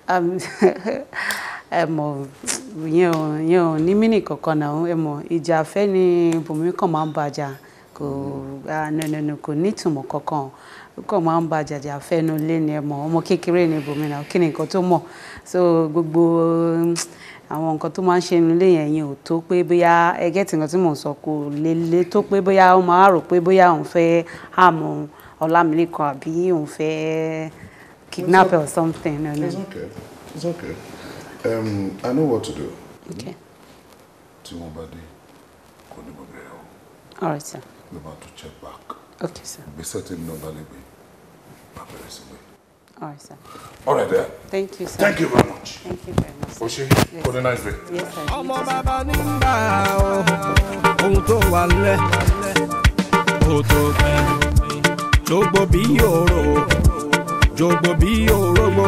[LAUGHS] ẹ mọ̀ yẹn ò yẹn ò ní mínì kankan náà ẹ mọ̀ ìjà afẹ́ ni Bùnmi kàn máa ń bàjà kò nẹnẹnẹ kò ní ìtumọ̀ kankan kàn máa ń ba jàjà fẹ́nu lé ni ẹ mọ̀ ọmọ kékeré ni Bùnmi náà kí ni nǹkan tó mọ̀ so gbogbo àwọn nǹkan tó máa ń ṣe nílé yẹn yẹn ò tó pé bóyá ẹgẹ́ tí nǹkan tí mò ń sọ kò lè lè tó pé bóyá ó máa rò pé bóyá òun fẹ́ hàmù Ọlámilékan àbí òun fẹ́ Kidnap or something. No, no. It's okay. It's okay. Um, I know what to do. Okay. Tí wọ́n bá All right, sir. Ló máa to check back. Okay, sir. Be certain nobody be. All right, sir. All right, there. Thank you, sir. Thank you very much. Thank you very much. Oṣé, yes. what a nice day. Yes, sir. Ọmọ bàbá ní ń bá ohun tó wà lẹ̀, òtò pẹ́, ló gbó bí yòrò jògbò bí orógbó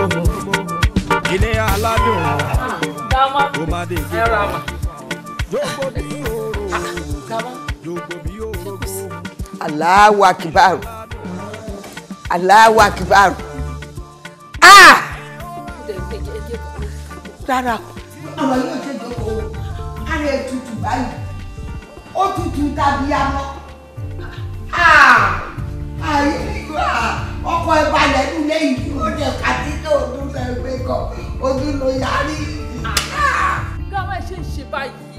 ilé aládùn tó bá dé ìgbé jògbò bí orógbó jògbò bí orógbó. Allahu Akbar Allahu Akbar ah rárá ọ̀rọ̀ yóò ṣe jòkó ara ètùtù báyìí ó tutù tàbí amọ́ ah ọkọ̀ ìbalẹ̀ nílé yìí ó dẹ̀ kàtí tó ọdún rẹ̀ gbé kan ojú ló yarí. Ah, gíga máa ṣe ń ṣe báyìí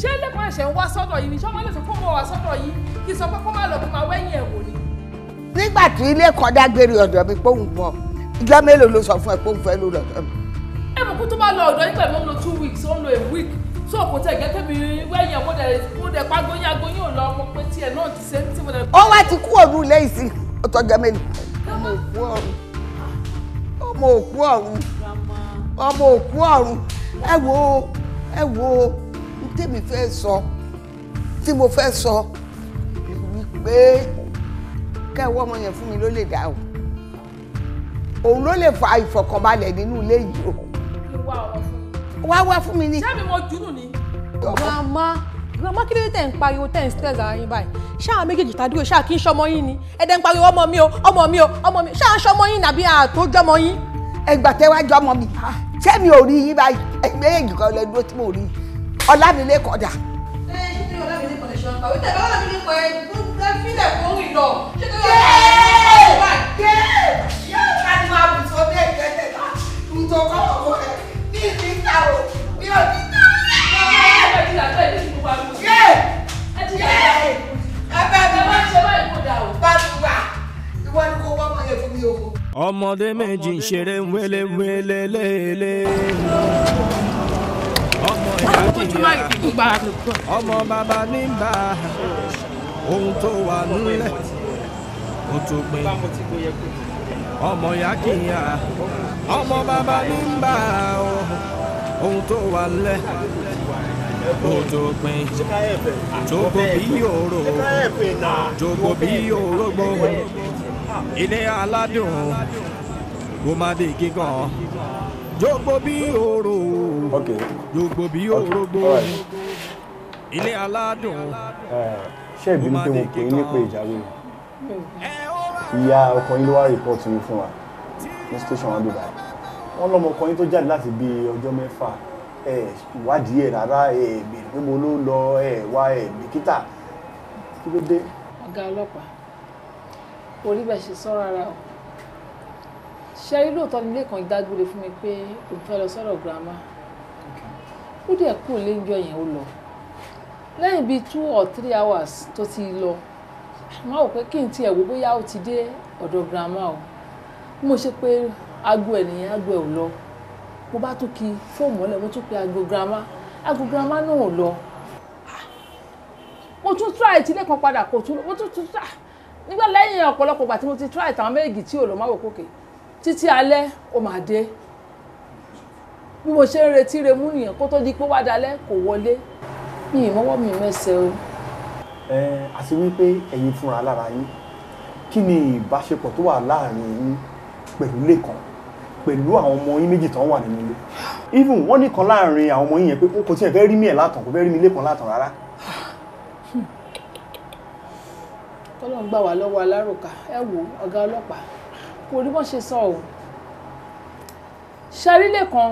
ṣé lẹ́kọ̀ọ́ àṣẹ ń wá sọ́dọ̀ yìí ni ṣé wọ́n lè sọ fún wọn wá sọ́dọ̀ yìí kí sọ pé kó má lọ kó máa wẹ́yìn ẹ̀ wò ni. nígbà tí ilé kan dágbére ọ̀dọ̀ mi póhùn bọ̀ ìjọ mélòó ló sọ fún ẹ póhùn fẹ́ ló lọ sọ mi. ẹ mọ̀ kó tó bá lọ ọ̀dọ̀ nígbà so kò tẹ̀ gẹ́gẹ́ mi wẹ́yẹ̀ mo dẹ̀ mo dẹ̀ pa gbóyún agbóyún ò lọ mo pé tiẹ̀ náà ti ṣe tí mo dẹ̀. ó wá ti kú òru lẹ́yìn sí ọtọ́jà mélòó ọmọ òkú ọ̀run ọmọ òkú ọ̀run ọmọ òkú ọ̀run ẹ wo ẹ wo tèmi fẹ́ sọ tí mo fẹ́ sọ wípé kẹwọ́ ọmọ yẹn fún mi ló lè dá o òun ló lè fa ìfọ̀kànbalẹ̀ nínú ilé yìí o wá wá fún mi ni. ṣé mi mo jùlù ni. grandma grandma kí ló dé tẹ̀ ń pariwo tẹ̀ ń stress ara yín báyìí ṣáà méjèèjì tàbí o ṣáà kí n ṣọmọ yín ni ẹ̀dẹ̀ ń pariwo ọmọ mi o ọmọ mi o ọmọ mi ṣáà ṣọmọ yín nàbí àtó jọmọ yín. ẹgbà tẹ wá jọmọ mi ṣé mi ò rí yín báyìí ẹ̀yin méjèèjì kan lẹ dúró tí mo rí Ọlámilékan dà. ṣé ṣé Ọlámilékan lè ṣe ọ̀pá wípé Ọlámilékan ẹ̀ gbọ́dọ̀ fílẹ̀ kórìí lọ ṣé tó yẹ Yeah! Yeah! Yeah! Yeah! Yeah! Yeah! Yeah! Yeah! Yeah! Yeah! Yeah! ọmọdé méjì ń ṣeré wéléwélé léèlé ọmọ ìyá ìyá ọmọ bàbá nígbà ohun tó wà nílẹ̀ ó tó gbé ọmọ ya kìíyà ọmọ bàbá ní ń bà ó ohun tó wà lẹ òjòpin jogo bí yòòrò jogo bí yòòrò gbòòrò ilé aládùn gòmádé kíkan jogo bí yòòrò jogo bí yòòrò gbòòrò ilé aládùn. Eh, ṣé ìbínú pé mo pè é nípa ìjà wíwọ ìyá ọkọ yín ló wá rìpọ́ọ̀tì mi fún wa ní station wọn bíbá wọn lọmọ ọkọ yín tó jáde láti bí ọjọ́ mẹ́fà ẹ ìwádìí ẹ rárá ẹ bèrè pé mo ló lọ ẹ wá ẹ bìkítà kí ló dé. ọ̀gá ọlọ́pàá orí bẹ́ẹ̀ ṣe sọ rárá o ṣe rí lóòótọ́ nílé kan dágbére fún mi pé òun fẹ́ lọ sọ́dọ̀ girama ó dẹ̀ kú léńjọ yẹn ó lọ lẹ́yìn bíi two or three hours tó ti lọ má wò pé kí n tiẹ̀ wò bóyá ó ti dé ọ̀dọ̀ grandma o bí mo ṣe pé aago ẹ̀ nìyẹn aago ẹ̀ ò lọ mo bá tún ki fóònù mọ́lẹ̀ mo tún pe aago grandma aago grandma náà ò lọ ah! mo tún try ìtílé kan padà kò tún mo tún tún try nígbà lẹ́yìn ọ̀pọ̀lọpọ̀ gbà tí mo ti try ìtàn méjì tí ò lọ má wò kókè títí alẹ́ ó máa dé bí mo ṣe ń retí remú nìyẹn kó tó di pé wá dalẹ́ kò wọlé mi ì mọ́wọ́ mi mẹ́sẹ̀ o àti wípé ẹ̀yin fúnra lára yín kí ni ìbáṣepọ̀ tó wà láàrin yín pẹ̀lú Lékan pẹ̀lú àwọn ọmọ yín méjì tán wà nínú ilé even wọ́n nìkan láàrin àwọn ọmọ yín yẹn pé kò tiẹ̀ fẹ́ rí mi ẹ̀ látàn kò fẹ́ rí mi Lékan látàn rárá. Ọlọ́run gbà wá lọ́wọ́ aláròkà ẹ wo ọ̀gá ọlọ́pàá kò rí wọ́n ṣe sọ ọ́ ṣàrílẹ̀ kan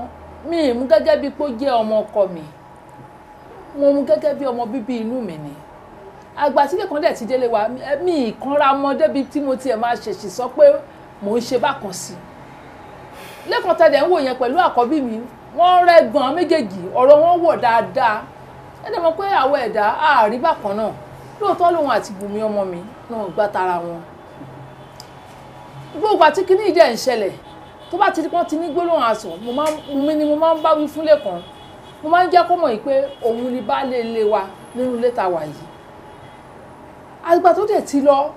mi ì mú gẹ́gẹ́ bíi pé ó jẹ́ ọmọ ọkọ mi mo mú gẹ́gẹ́ bíi ọmọ bíbí inú mi ni àgbà tí lẹ́kàn dẹ̀ ti délé wa mi ìkanra mọ débi tí mo tiẹ̀ máa ṣèṣì sọ pé mò ń ṣe bákan sí i lẹ́kàn tẹ̀lé ń wò yẹn pẹ̀lú àkọ́bí mi wọ́n rẹ́gbọ̀n méjèèjì ọ̀rọ̀ wọn wọ̀ dáadáa ẹni mọ̀ pé àwọn ẹ̀dá àárí bákan náà lóòótọ́ lòun àti Bùnmi ọmọ mi náà gbá tara wọn gbogbo àti kíní ìdẹ̀ ń ṣẹlẹ̀ tó bá ti pọ́n ti ní gbólóhùn àsọ mo máa ń mi ni mo máa ń bá wí fún lẹ́kàn mo máa ń jẹ́ kó mọ̀ yìí pé òun ni baálé ilé wa nínú ilé ta àgbà tó dẹ̀ ti lọ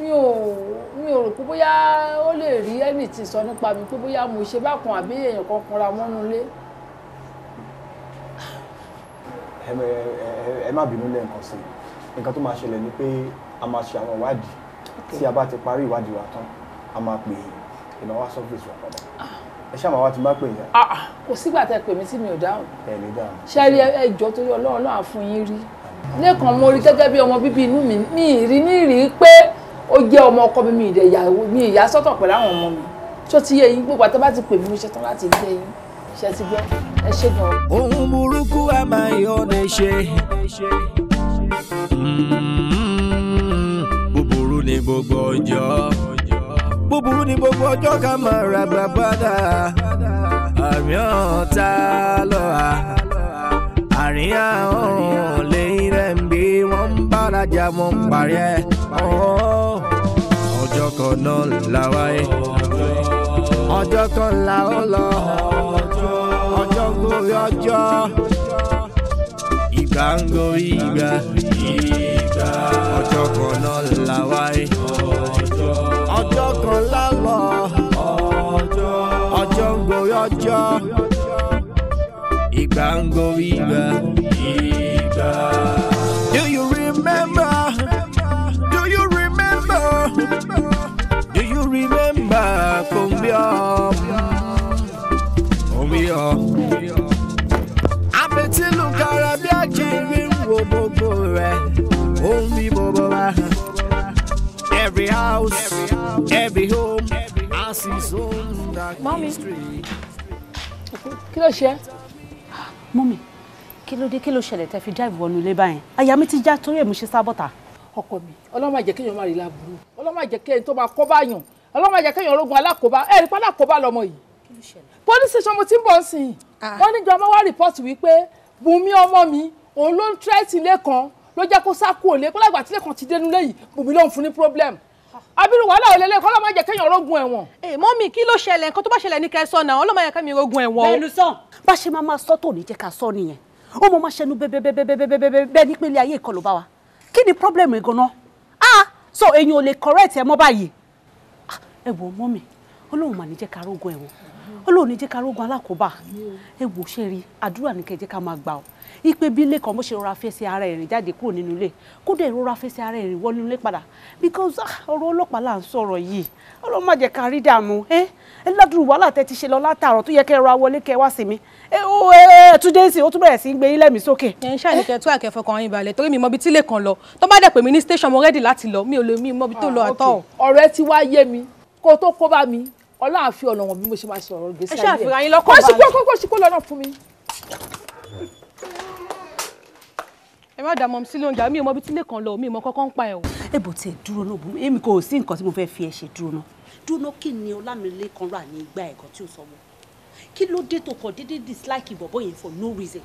mi ò mi ò rò pé bóyá ó lè rí ẹnì tí sọ nípa mi pé bóyá mo ṣe bákan àbí èèyàn kan kanra mọ́nú ilé. ẹ má bínú lẹ́ẹ̀kan sí i nǹkan tó máa ṣẹlẹ̀ ni pé a máa ṣe àwọn ìwádìí tí a bá ti parí ìwádìí wa tán a máa pè é ìnáwó sọ́fíìsì wa padà ẹ ṣáà máa wá ti bá pè yẹn. Ah, ah, kò sígbà tẹ pè mí tí mi ò dáhùn. ṣe é rí ẹjọ́ torí Ọlọ́run náà fún yín rí lẹ́kàn mo rí gẹ́gẹ́ bí ọmọ bíbí inú mi mi rí ní rí pé ó jẹ́ ọmọ ọkọ mi mi ìdẹ̀ ìyàwó mi ìyá sọ́tọ̀ pẹ̀lú àwọn ọmọ mi tó ti yé yín gbogbo àtẹ́bá ti pè mí ṣe tán láti gbé yín ṣe ti gbọ́ ẹ ṣe gan. ohun burúkú a máa yọ ní ṣe mm-hmm. búburú ni gbogbo ọjọ́ búburú ni gbogbo ọjọ́ ká máa ra gbàgbádà àmì ọ̀tá lọ́ha àríyá ọ̀run lẹ́yìn alájà mo ń parí ẹ oh, ọjọ́ kan náà làwáyé ọjọ́ kan là ó lọ ọjọ́ gorí ọjọ́ ìgbà ń gorí ìgbà ọjọ́ kan náà làwáyé ọjọ́ kan là lọ ọjọ́ ń ọjọ́ ìgbà ń gorí ìgbà. kumbio kumbio. apẹtinu karabia kiri ń wo gbogbo rẹ̀ ó bọ̀bọ̀ wá. every house every home has its own dark history. kí ló ṣe mọ́mí kí ló dé kí ló ṣẹlẹ̀ tẹ́ fi já ìwọ̀nù ilé báyẹn àyà mi ti já torí ẹ̀ mo ṣe sábọ́ta. ọkọ mi ọlọ́mọ àjẹkẹ́yìn máa rí láburú ọlọ́mọ àjẹkẹ́yìn tó máa kọ́ báyàn ọlọ́mọ ẹ̀jẹ̀ kéèyàn ológun alákòóbá ẹ̀rí pa alákòóbá lọmọ yìí pólísì sọmọ tí ń bọ̀ ń sìn ah. wọ́n níjọ ọmọ wá rìpọ́ọ̀tì wípé bùnmi ọmọ mi òun ló ń tírẹ́tì lẹ́kan ló jẹ́ kó sáku òlé kó lágbà tí lẹ́kan ti dénú léyìí bùnmi ló ń fún ní problem abiru wàhálà òlé lẹ́kọ́ ọlọ́mọ ẹ̀jẹ̀ kéèyàn ológun ẹ̀wọ̀n. ẹ eh, mọ́mì kí ló ṣẹlẹ̀ nǹkan tó bá ṣẹlẹ̀ ní kẹsàn-án náà ọlọ́mọ ẹ̀jẹ̀ kéèyàn ológun ẹ̀wọ̀n. bẹ́ẹ̀ ló sàn. bá ṣe máa máa sọ tó ní jẹ́ ká sọ nìyẹn ó mọ máa ṣẹnu bẹ́ẹ̀bẹ́ẹ̀bẹ́ẹ̀bẹ́ẹ̀ ní pélé ah so èèyàn ò lè correct ẹ mọ́ báyìí ẹ wò mọ́ mi ọlọ́run mà ní jẹ́ ká rógun ẹ̀wọ̀n ọlọ́run ní jẹ́ ká rógun alákòóbá ẹ wò ṣe rí àdúrà ní kẹjẹ́ ká máa gbà ọ́ ipe bí ilé kan bó ṣe rọra fẹsẹ̀ ara ẹ̀rìn jáde kúrò nínú ilé kódà ìrora fẹsẹ̀ ara ẹ̀rìn wọnú ilé padà because ah, ọ̀rọ̀ ọlọ́pàá là ń sọ̀rọ̀ yìí ọlọ́run má jẹ́ ká rí dààmú ẹ ẹ ládùúrú wàhálà tẹ ti ṣe lọ látàárọ̀ tó yẹ kẹ́ ẹ ra wọlé kẹ́ ẹ wá sí mi ẹ ó ẹ túndé sí ó tún bẹ̀rẹ̀ sí í gbé yín lẹ́mìí sókè. ẹ ń ṣàní kẹtù àkẹfọ kan yín balẹ̀ torí mi mọbi tí lè kàn lọ tó bá dẹ̀ pé mi ní kó tó kó bá mi ọlọ́run àfi ọ̀nà wọn bí mo ṣe máa sọ̀rọ̀ gbèsè ayé ẹ̀. ẹ ṣàfihàn yín lọ́kọ̀ balẹ̀. kó kó síkó lọ́nà fún mi. ẹ má dààmú sí lóúnjẹ mi ò mọ ibi tí lẹ́kàn lọ mi ò mọ kọ́kọ́ ń pa ẹ̀ o. ẹ bò tẹ dúró náà bùrú èmi kò sí nǹkan tí mo fẹ́ fi ẹ ṣe dúró náà dúró náà kí ni ọlámilẹ́kan rà ní ìgbà ẹ̀kọ́ tí ò sọ wọn kí ló dé tó kàn déédéé dislike ìbọ̀bọ̀ yẹn for no reason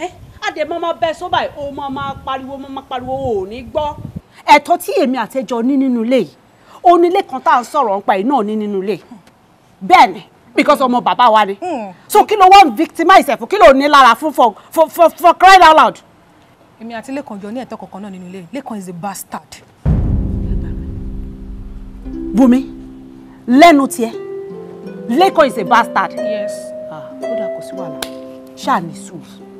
ẹ àdè mọ́ máa bẹ sọ́bà ẹ̀ ó máa máa pariwo máa máa pariwo ò ní gbọ́. ẹ̀tọ́ tí èmi àtẹjọ ní nínú ilé yìí onílé kan tá à ń sọ̀rọ̀ nípa iná ní nínú ilé bẹ́ẹ̀ ni because ọmọ bàbá wa ni hmm. so kí ló wọ́n victimize ẹ̀ fún kí ló ní lára fún for for for for crying out loud. èmi àti lẹ́kàn jọ ní ẹ̀tọ́ kankan náà nínú ilé lẹ́kàn is a bastard. bùnmi lẹ́nu tiẹ̀ lẹ́kàn is a bastard. yes. ah kódà kò sí wàhálà ṣáà ní sùúrù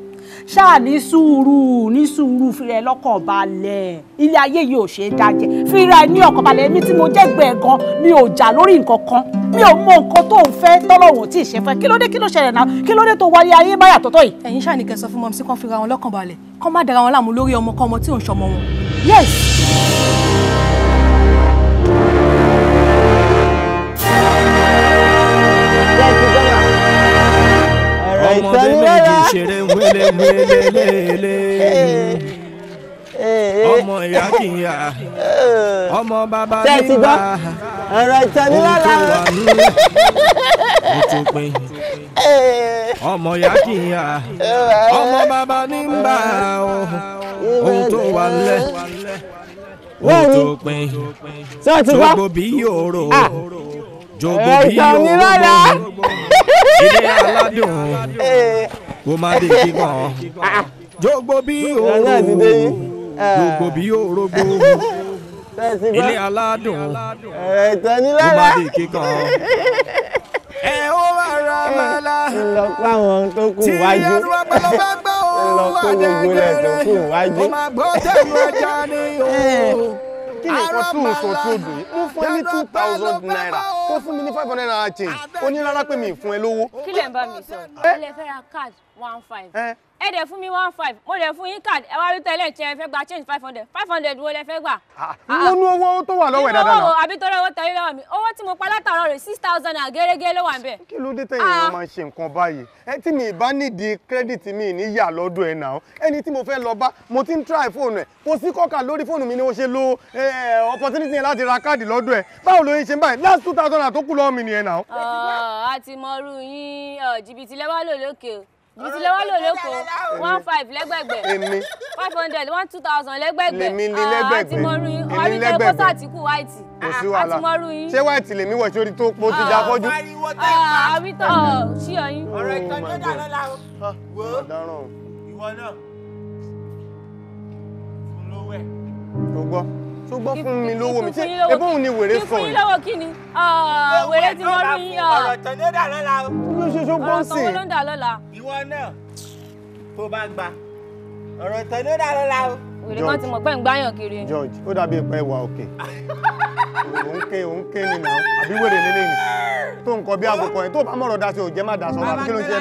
ṣáà ní sùúrù ní sùúrù fìrẹ lọ́kàn balẹ̀ ilé ayé yìí ò ṣeé dájẹ́ fìrẹ ní ọkàn balẹ̀ èmi tí mo jẹ́ gbẹ gan mi ò jà lórí nǹkan kan mi ò mọ nǹkan tó ń fẹ́ tọ́lọ́wọ̀n tí ì ṣe fẹ́ kí ló dé kí ló ṣẹlẹ̀ náà kí ló dé tó wáyé ayé báyà tọ́tọ́ yìí. ẹ̀yin ṣáà ní kẹsàn-án fún mọ́mísí kan fira wọn lọ́kàn balẹ̀ kán má dara wọn láàmú lórí ọmọ kọ́mọ tí ò ń ṣọmọ wọn. yes. ọmọdé méjì ṣeré wele wele lele ọmọ ìyá kì í yá ọmọ bàbá mi bá ọ̀rọ̀ ìtẹ̀mílára ìtòpin ọmọ ìyá kì í yá ọmọ bàbá mi bá ohun tó wà lẹ̀ òtòpin tó gbòbí yòrò jogbo bí owó ilé aládùn kó má dé kíkọ́ jogbo bí owó jogbo bí orógbó ilé aládùn kó má dé kíkọ́ ẹ ó rárá mẹ́la tí yorùbá pẹlẹpẹ gbọ́ lọ kó gbogbo rẹ̀ tó kù wájú. mo máa gbọ́ tẹnu ọjà o. kí ni nǹkan tó sọ tó dùn fún ẹ ní two thousand naira kó fún mi ní five hundred naira change ó ní rárá pé mi ì fún ẹ lówó. kí lè ń bá mi sọ ẹ lè fẹ́ ra card one five ẹ dẹ̀ fún mi one five mo dẹ̀ fún yín card ẹ wá rí tẹ́lẹ̀ tí ẹ fẹ́ gba change five hundred five hundred wo lẹ fẹ́ gbà. Ah, ah, ah. nínú owó tó wà lọ́wọ́ ẹ̀ dáadáa náà. nínú owó àbí tọ́lá owó tẹ̀lé lọ́wọ́ mi owó tí mo pa látàárọ̀ rẹ̀ six thousand naira gẹ́gẹ́ ló wà ń bẹ̀. kí ló dé tẹ̀yìn wọn máa ń ṣe nǹkan báyìí ẹ tí mi ìbá nídìí credit mi ní yà lọ́dọ̀ ẹ̀ náà ẹni tí mo fẹ́ lọ bá mo ti ń try fóònù ẹ̀ kò sí kọ́kà lórí fóònù mi ni mo ṣe lo eh, opportunity láti ra káàdì lọ́d lọ́dọ̀ ẹ̀ báwo ló ń ṣe báyìí last two thousand naira tó kù lọ́wọ́ mi nìyẹn náà. a ti mọ irú yín jìbìtì lẹ́wọ́ lò lókè o jìbìtì lẹ́wọ́ lò lóko one five lẹ́gbẹ̀gbẹ̀ five hundred one two thousand lẹ́gbẹ̀gbẹ̀ lèmi ni lẹ́gbẹ̀gbẹ̀ a ti mọ irú yín ọdún tẹ kó sàtìkù white kò sí wàhálà ṣé white lèmi wọ̀ sórí tó po ti já fọ́jú. àwítọ̀ sí ọyún. ọ̀rọ̀ ìtọ́jú dà lọ́la wo ìwọ náà lówẹ̀. o gbọ́ tó gbọ́ fún mi lówó mi tí ebóun ni wèrè sọ yìí. kí fún yín lọ́wọ́ kí ni ah, wèrè tí wọ́n rí yín. Ah. ọ̀rọ̀ tán ló dà lọ́la o. ló ṣe ṣó gbọ́n sí. ọ̀rọ̀ tán ló dà lọ́la. ìwọ náà tó bá gba ọ̀rọ̀ tán ló dà lọ́la o. wèrè kan ti mọ̀ pé ń gbáyàn kiri. George ó dàbí ìpẹ́ ìwà òkè òun ké òun ké ni nà àbí wèrè nílé ni tó nǹkan bí àgùkọ yẹn tó bá mọ̀rọ̀ dá sí òjẹ́ má dá sọ́wọ́ àbí kí ló ń ṣe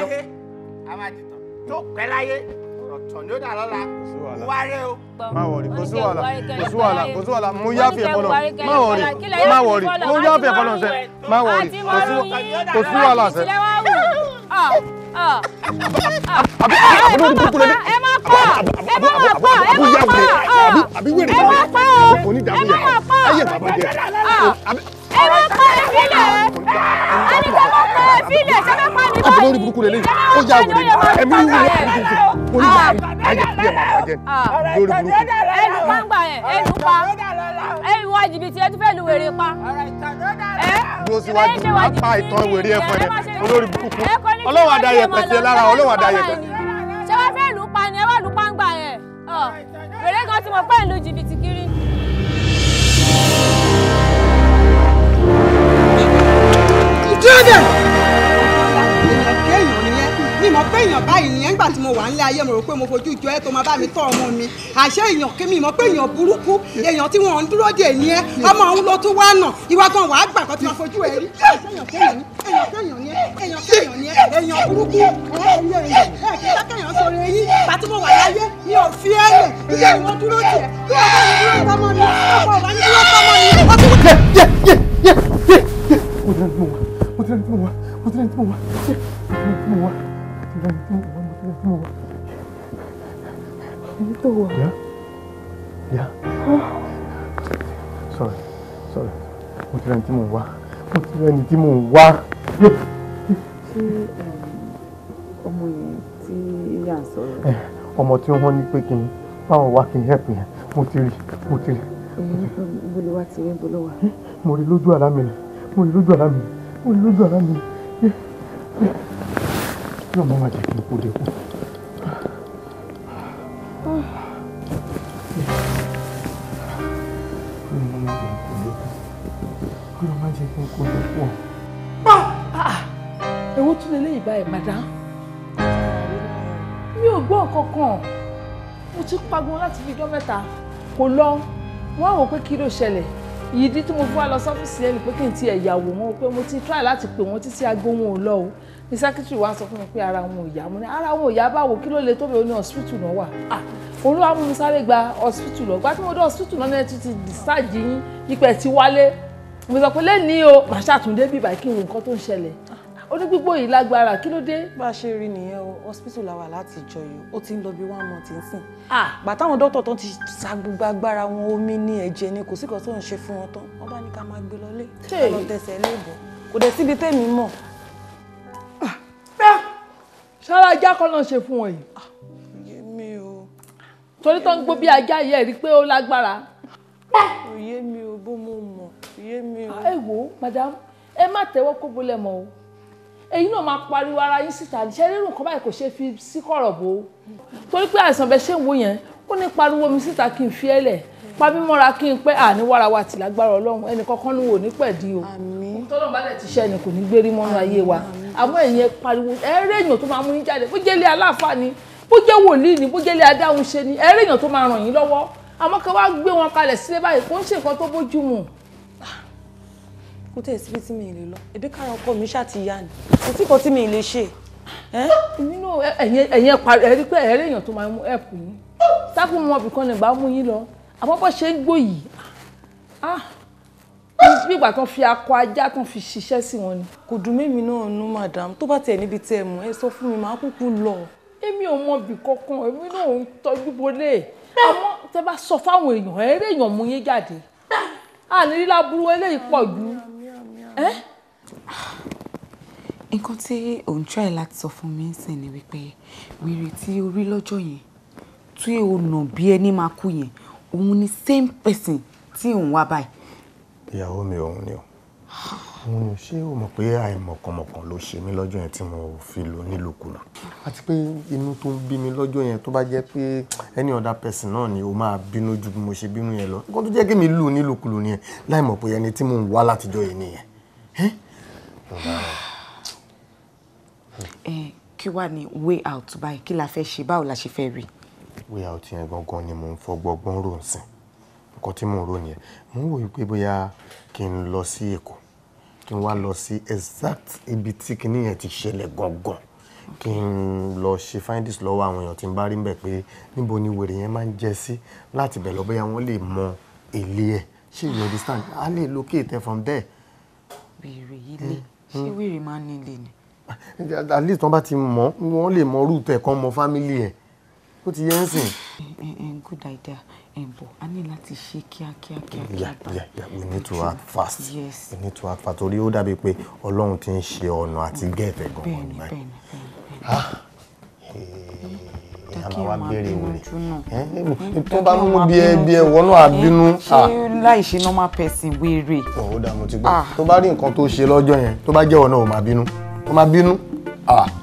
lọ doctor ní ó dà lọ́la kò wáré o. má wọrí kò sí wàhálà kò sí wàhálà kò sí wàhálà mo yá fi ẹ̀fọ́ náà má wọrí má wọrí mo yá fi ẹ̀fọ́ náà sẹ́ má wọrí kò sí wàhálà sẹ́. àbí burúkú lẹ́nu ẹ má pa ẹ má pa ẹ má pa àbí wèrè ẹ má pa o ẹ má pa ayé bàbá jẹ ẹ má pa ẹ fílẹ̀ ẹni tó má pa ẹ fílẹ̀ ṣẹ́ fẹ́ pa ní báyìí ṣẹ́ fẹ́ pa ní báyìí ẹ̀mí wúwo orí bá ẹjẹ fi ẹ̀wọ̀n àjẹ lórí ah. burúkú. ẹnu pa ń gbà yẹn ẹnu pa ẹnu wá jìbìtì ẹ tún fẹ́ lu wèrè pa. dúró síwájú máa pa ìtàn wèrè ẹ fún ẹ olórí burúkú ọlọ́wọ́ adá yẹ pẹ̀sẹ̀ lára ọlọ́wọ́ adá yẹ pẹ̀sẹ̀. ṣé wàá fẹ́ lù pa ni ẹ wá lù pa ń gbà yẹn wèrè kan ti mọ̀ pé ń lu jìbìtì kiri. Do this! ni mo pé èèyàn báyìí nìyẹn nígbà tí mo wà nílé ayé mo rò pé mo fojú jọ ẹ tó máa bá mi tọ́ ọmọ mi àṣé èèyàn kí mi mọ̀ pé èèyàn burúkú èèyàn tí wọ́n ń dúró dè ní ẹ ọmọ òun ló tún wá nà ìwà gan wàá gbà kan tí mo fojú ẹ rí èèyàn kéèyàn ni èèyàn kéèyàn ni èèyàn burúkú èèyàn èèyàn kéèyàn sọ̀rọ̀ eyín pàtí mo wà láyé mi ò fi ẹ lẹ̀ iye ìwọ̀n dúró dè bí ọkọ mi dúró tọmọ mi ọkọ ọ̀bá mi dúró tọmọ mi ọkọ mo ti rẹ̀ ní mo wà mo ti rẹ̀ ní tí mo wà mo ti mo wà. Yeah? Yeah? Sorry, sorry. Mo ti rẹni tí mò ń wá. Mo ti rẹni tí mò ń wá. Ṣé ọmọ yẹn tí yà ń sọ̀rọ̀? Eh, ọmọ tí wọ́n ní pé kí n báwọn wá kí n help yẹn. Mo ti rí, mo ti rí. Bolo wa ti rí bolo wa. Mo rí lójú àlá mi ni. Mo rí lójú àlá mi Mo rí lójú àlá mi náà má má jẹ́ kí n kú lékún. ọlọ́run má jẹ́ kí n kú lékún. ewu tún lélẹ́yìí báyìí madam mi ò gbọ́ nǹkan kan mo ti pagun láti fi ijọ́ mẹ́ta kò lọ wọ́n á wò pé kí ló ṣẹlẹ̀ ìdí tí mo fi wá lọ sọ́fíìsì ẹni pé kí n ti ẹ̀yàwó wọn pé mo ti try láti pè wọ́n títí aago wọn ò lọ o ní sẹ́kítírì wa sọ fún mi pé ara wọn ò yá mo ní ara wọn ò yá báwo kí ló le tó bẹ ó ní hospital náà wà òun ló wá mú mi sáré gba hospital lọ gba tí mo dé hospital náà ní ti discharge yín nípa ẹ̀ ti wálé mo sọ pé lẹ́ni o màá ṣàtúndé bíbá kí n wo nǹkan tó ń ṣẹlẹ̀ onígbígbó ah, yìí lágbára kí ló dé. bá a ṣe rí nìyẹn o hospital la wà láti jọyọ ó ti ń lọ bí one month nsìn. Ah. gbà táwọn dókítà tán ti sa gbogbo agbára wọn omi ní ẹ̀jẹ̀ ni kò sí kan tó ń ṣe fún wọn tán wọn bá ní ká máa gbé lọlé ká lọ tẹsẹ̀ léèbọ̀ kò dẹ̀ síbi tẹ́mi mọ̀ ṣára ajá kọ́ náà ṣe fún wọn yìí. Ah, yémi o. torí tó ń gbó bí ajá yìí ẹ̀ rí i pé ó lágbára. yémi o bó mo mọ̀ yémi o. Ah, ẹ wo madam ẹ má tẹ́wọ́ kó bolẹ̀ mọ́ o èyí náà máa pariwo ara yín síta ṣe rírun nǹkan báyìí kò ṣe fi sí kọ̀rọ̀ bò ó torí pé àìsàn bẹ́ẹ̀ ṣe ń wo yẹn ó ní pariwo mi síta kí n fi ẹ́ lẹ̀ pamímọ́ra kí n pẹ́ àní wára wa tì lágbára ọlọ́run ẹnì kankan ní wò ní pẹ̀dí o tọ́lọ̀ bá lẹ̀ ti ṣe ẹnì kò ní gbérí mọ́nú ayé wa àmọ́ ẹ̀yin ẹ pariwo ẹ̀rẹ́ èèyàn tó máa mú yín jáde bó jẹ́lé aláàfáà ni bó jẹ́ wòlíì ni bó jẹ́lé adáhùn ṣe ni ẹ̀rẹ́ èèyàn tó máa ràn yín lọ́wọ́ àmọ́ kí wàá gbé wọn kalẹ̀ sílé báyìí kò ń ṣe nǹkan tó bójú mu. kò tẹ̀ síbi tí mi lè lọ ebi kára ọkọ mi ṣàtìyá ni kò sí nǹkan tí mi lè ṣe. nínú ẹ̀yin ẹ̀yin ẹ̀rí pé ẹ̀rẹ́ èèyàn tó mú yín lọ àmọ́ bó ṣe ń gbó yìí ah, bí ìgbà kan fi akọ ajá kan fi ṣiṣẹ́ sí wọn ni. kò dùn mí mi náà nú madam tó bá tiẹ̀ níbi tẹ́ ẹ mọ̀ ẹ sọ fún mi màá kúkú lọ. èmi ò mọ ibì kankan èmi náà ò ń tọ́jú bolé àmọ́ tẹ bá sọ fáwọn èèyàn eré èèyàn mú yín jáde àní lílá burú eléyìí pọ̀ jù. nǹkan tí òun try láti sọ fún mi sìn ni wípé wèrè tí o rí lọ́jọ́ yẹn tí o nà bí ẹni máa kú yẹn òun ni same person tí òun wá báyìí. ìyàwó mi òun ni o òun ni ṣé o mọ̀ pé àìmọ̀kànmọ̀kàn ló ṣe mí lọ́jọ́ yẹn tí mo fi lò nílòkulò àti pé inú tó ń bí mi lọ́jọ́ yẹn tó bá jẹ́ pé any other person náà ni o máa bínú ju bí mo ṣe bínú yẹn lọ nǹkan tó jẹ́ kí mi lù nílòkulò nìyẹn láì mọ̀ pé ẹni tí mò ń wá látijọ́ yìí nìyẹn. kí wàá ní way out báyìí kí la fẹ́ ṣe báwo la ṣe fẹ́ rí i way out yẹn gangan ni mò ń fọgbọ́n rò ń sìn. Ǹkan tí mò ń rò nìyẹn. Mò ń wò wípé bóyá kí n lọ sí Èkó, kí n wá lọ sí exact ibi tí kiní yẹn ti ṣẹlẹ̀ gangan. Kí n lọ ṣe findings lọ́wọ́ àwọn èèyàn tí ń bá rí bẹ́ẹ̀ pé níbo ni wèrè yẹn máa ń jẹ sí. Láti bẹ̀ lọ bóyá wọ́n lè mọ ilé ẹ̀. Ṣé you understand? A lè locate ẹ from there. Wèrè ilé. Ṣé hmm. wèrè máa ń ní ni? At least tí wọ́n bá ti mọ̀, wọ́n lè mọ route ẹ̀ mọ family ẹ̀ ó ti yẹ ń sìn. good idea eh, bọ̀ a ní láti ṣe kíákíá kíákíá. yeah yeah yeah we need to act fast yes. we need to act fast torí ó dàbí pé ọlọ́run ti ń ṣe ọ̀nà àti gẹ̀ẹ́fẹ̀ gan-an ní báyìí. àmà wa béèrè wèrè tó bá mú bí ẹ bí ẹ wọnú àbínú. Eh, ṣé láì normal person wèrè. ọ̀hún dààmú ti gbọ́ ah. tó bá rí nǹkan tó ṣe lọ́jọ́ yẹn tó bá jẹ́ ọ̀nà ò máa bínú ó máa bínú. Ah.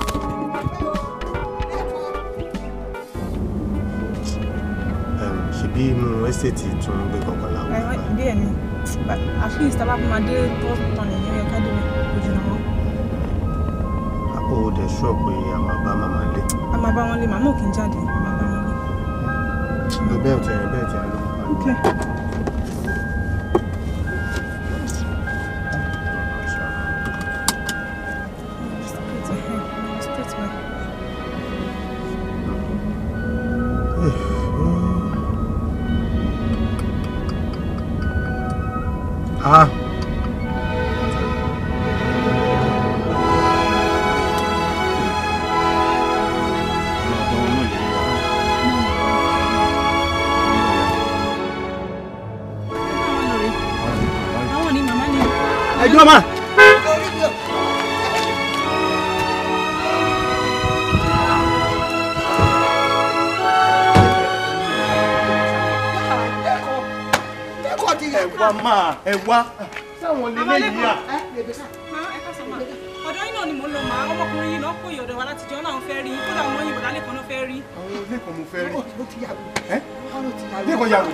àbí inú ẹ́sẹ̀tì tún gbé kankan láwọn. bẹ́ẹ̀ ni at least tá a bá fún adé tó tán nìyẹn yẹ ká dé mi kò jìnnà mọ́. àpò òde ṣọ́ pé a máa bá màmá lé. a máa bá wọn lé màmá ò kí jáde a máa bá wọn lé. bẹ́ẹ̀ tẹ̀ bẹ́ẹ̀ tẹ̀ á lọ. dúró mọ́. ẹ wá máa ẹ wá sáwọn lélẹ yìí à. ọ̀dọ́ yìí náà ni mò ń lọ màá ọmọkùnrin yìí náà kó ìyọ̀dọ̀ wa láti jẹun náà ń fẹ́ rí kódà àwọn yìí bọ̀dá lẹ́kọ̀ọ́ náà fẹ́ rí. àwọn lẹ́kọ̀ọ́ mo fẹ́ rí. lẹ́kọ̀ọ́ yàwó.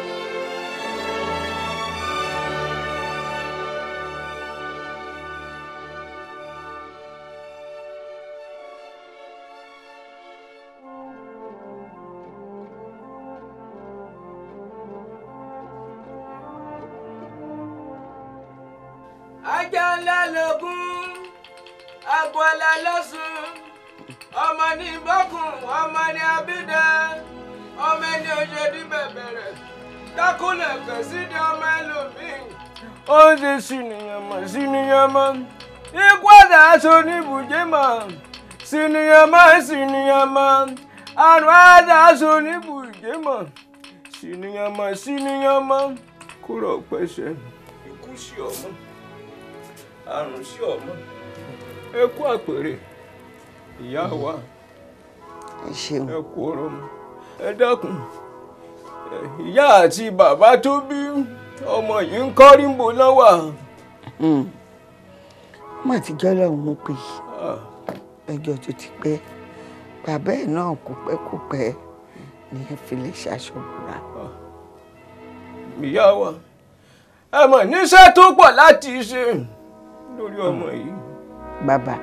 ní bọ́kùn ọmọ ní abídán ọmọ ẹni oṣù di bẹ̀bẹ̀rẹ̀ dákúnlẹ̀ pẹ̀sídẹ̀ ọmọ ẹlòmíì. ó ń ṣe sìnìyànmọ̀ sìnìyànmọ̀ ikú àdá aṣọ oníbùjẹ́ mọ̀ sìnìyànmọ̀ sìnìyànmọ̀ àrùn àdá aṣọ oníbùjẹ́ mọ̀ sìnìyànmọ̀ sìnìyànmọ̀ kúrò pẹ̀sẹ̀. ikú sí ọmọ àrùn sí ọmọ ẹ àpèrè ìyá wa. Mm -hmm ẹ ṣeun. ẹ kú ọ̀rọ̀ mọ ẹ dákun ìyá àti bàbá tó bí ọmọ yìí ń kọ́ rímbo náà wà. Hmm. má ti jọ́ lọ́hùn mo pè é ẹjọ́ tó ti pẹ́ bàbá ẹ̀ náà kò pẹ́ kò pẹ́ ní ìfilẹ̀ ṣàṣọ̀bùrà. ìyá wa ẹ mọ̀ níṣẹ́ tó pọ̀ láti ṣe lórí ọmọ hmm. yìí. bàbá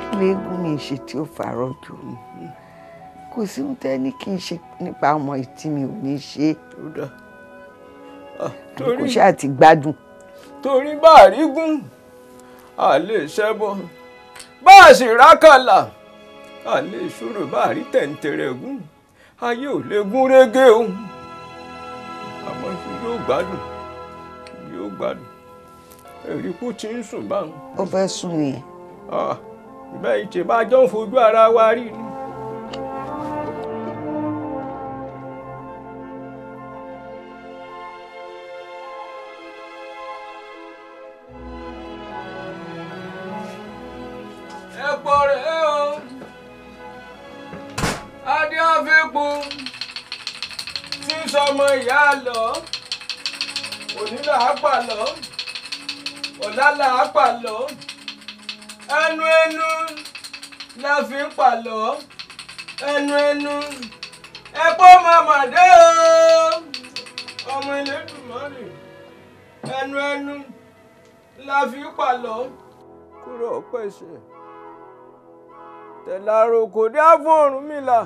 kí lè gún mi ṣe tí ó fàárọ̀ jù mí kò sí ohun tẹ́ ní kí n ṣe nípa ọmọ ìtí mi ò ní ṣe. Ah, torí kò ṣáà ti gbádùn. torí bá a rí gún a lè ṣẹ́bọ̀ bá a sì rákàlà a lè ṣòro bá a rí tẹ̀ǹtẹ̀rẹ̀ gún ayé ò lè gún régé o àmọ́ yóò gbádùn yóò gbádùn èrí kú ti ń sùn báwọn. ó fẹ́ sùn nìyẹn. bẹ́ẹ̀ ìtì bá jọ ń fojú ara wa rí ni. àpàlọ́ ọ̀làlà àpàlọ́ ẹnu ẹnu la fi ń pàlọ́ ẹnu ẹnu ẹ̀pọ́ màmàdé o ọmọ Elédùmarè ẹnu ẹnu la fi ń pàlọ́ kúrò pèsè tẹ̀lárò kò dá fún Ọ̀rúnmìlà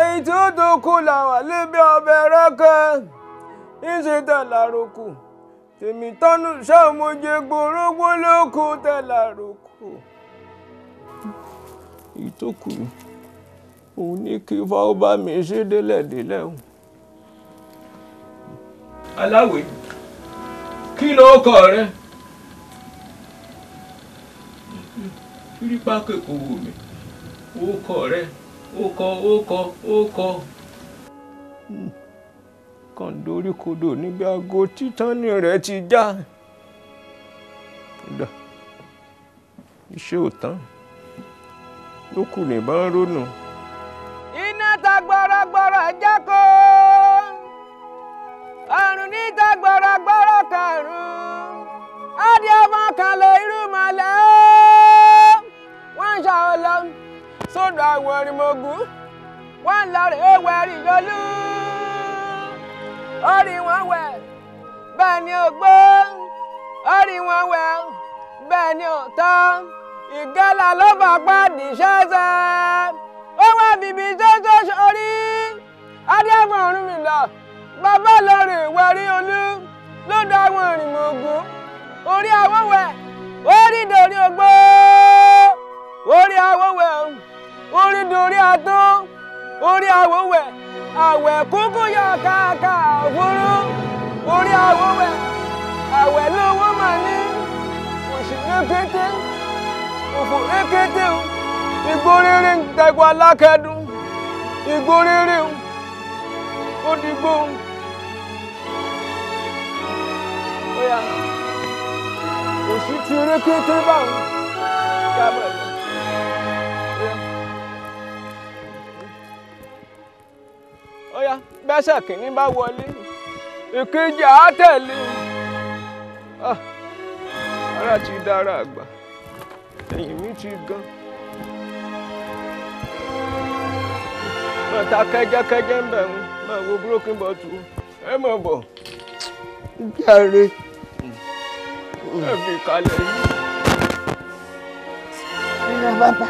ẹ̀yìn tí ó dókòó làwọn àlébi ọbẹ̀ rẹ́kẹ́ ń ṣe tẹ̀lárò kù tèmi tọ́nu ṣàmójẹgbò rógbó lókun tẹ́lá roko ìtókù òun ní kí fáwọ́bá mi ṣe délẹ̀délẹ̀ o. aláwẹ̀ kí ló kọ rẹ kírípà kẹkọọ wò mí ó kọ rẹ ó kọ ó kọ ó kọ. hmm kàn dorí kodò níbi aago títánì rẹ̀ ti já dà iṣẹ́ ò tán ló kù ní bá ń ronú. iná ta gbọ́rọ́gbọ́rọ́ jákò ọ̀run níta gbọ́rọ́gbọ́rọ́ kàrún ádì ọmọ kan lè irú màlẹ́ wọ́n ń lọ sódò àwọn orin mogun wọ́n lọ rèé wẹ́rì yọlú orí wọn wẹ̀ bẹ́ẹ̀ ni ògbó orí wọn wẹ̀ bẹ́ẹ̀ ni òótọ́ ìgẹ́là ló bá pàdé ṣẹ́ṣẹ́ ó wà bìbí jẹ́jẹ́ sórí adéwọ̀n ọ̀run mi lọ bàbá lórí ìwẹ̀rí olú ló dá àwọn ìrìnmọ̀ ògún orí awọ́wẹ̀ orí dorí ogbó orí awọ́wẹ̀ orí dorí atún orí awọ́wẹ̀ àwẹ̀ kúkú yọ kàkà òfurú orí àwọ̀ wẹ̀ àwẹ̀ lówó mà ní òṣì rékété òfò rékété o igbó ń tẹ́kọ̀ alákẹ́dùn igbó o ó dìgbò o. òṣì ti rékété báwọn. bẹ́sẹ̀ kìíní bá wọlé ìkejì á tẹ̀lé ah, ara ti dára àgbà ẹ̀yìn mi ti gan. máa ta kẹ́jẹ́kẹ́jẹ́ ń bẹ̀ ń máa wo broken bottle ẹ mọ̀ bọ̀. jàre. ẹ fi kalẹ̀ yìí. rírà bàbá.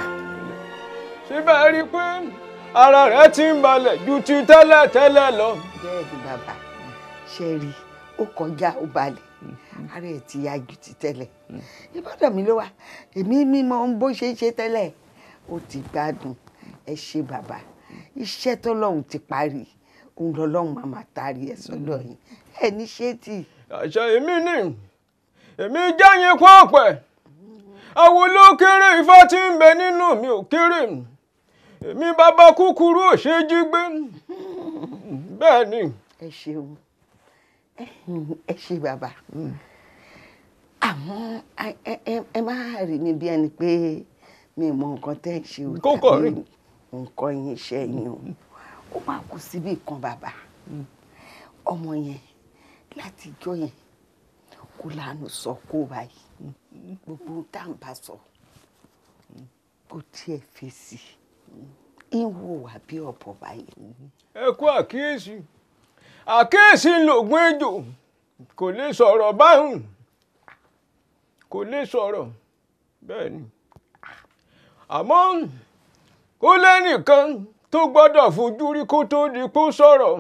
ṣé bá a rí i pé. ara rẹ̀ ti ń balẹ̀ ju ti tẹ́lẹ̀ tẹ́lẹ̀ lọ. bẹ́ẹ̀ ni bàbá ṣe rí ó kọjá ó balẹ̀ ara ẹ̀ ti ya ju ti tẹ́lẹ̀ ìbádàn mi ló wà èmi mímọ bó ṣe ṣe tẹ́lẹ̀ ó ti gbádùn ẹ ṣe bàbá iṣẹ́ tọ́lọ́run ti parí òun lọ́lọ́run máa máa taari ẹ̀ sọ́dọ̀ yìí ẹ̀ ní ṣé tì. àṣà èmi ni èmi jáyẹn kó ọ̀pẹ àwọn olókèrè ifá ti ń bẹ nínú mi ò kéré mi mi bàbá kúkúrú ò ṣe é jí gbé bẹ́ẹ̀ ni. ẹ ṣeun ẹ ṣe bàbá àmọ́ ẹ má rí mi bí ẹni pé mi mọ nǹkan tẹ́ ẹ ṣe o tàbí nǹkan yín iṣẹ́ yín o ó máa kú síbi kan bàbá ọmọ yẹn láti ìjọ yẹn kó lanu sọ kó báyìí gbogbo tá à ń bá sọ kó tiẹ̀ fèsì ń hùwà bí ọ̀pọ̀ báyìí. ẹ kú àkíyèsí àkíyèsí lògùn ejò kò lè sọ̀rọ̀ báhùn kò lè sọ̀rọ̀ bẹ́ẹ̀ ni àmọ́ ó lẹ́nìkan tó gbọ́dọ̀ fojú rí kó tó di kó sọ̀rọ̀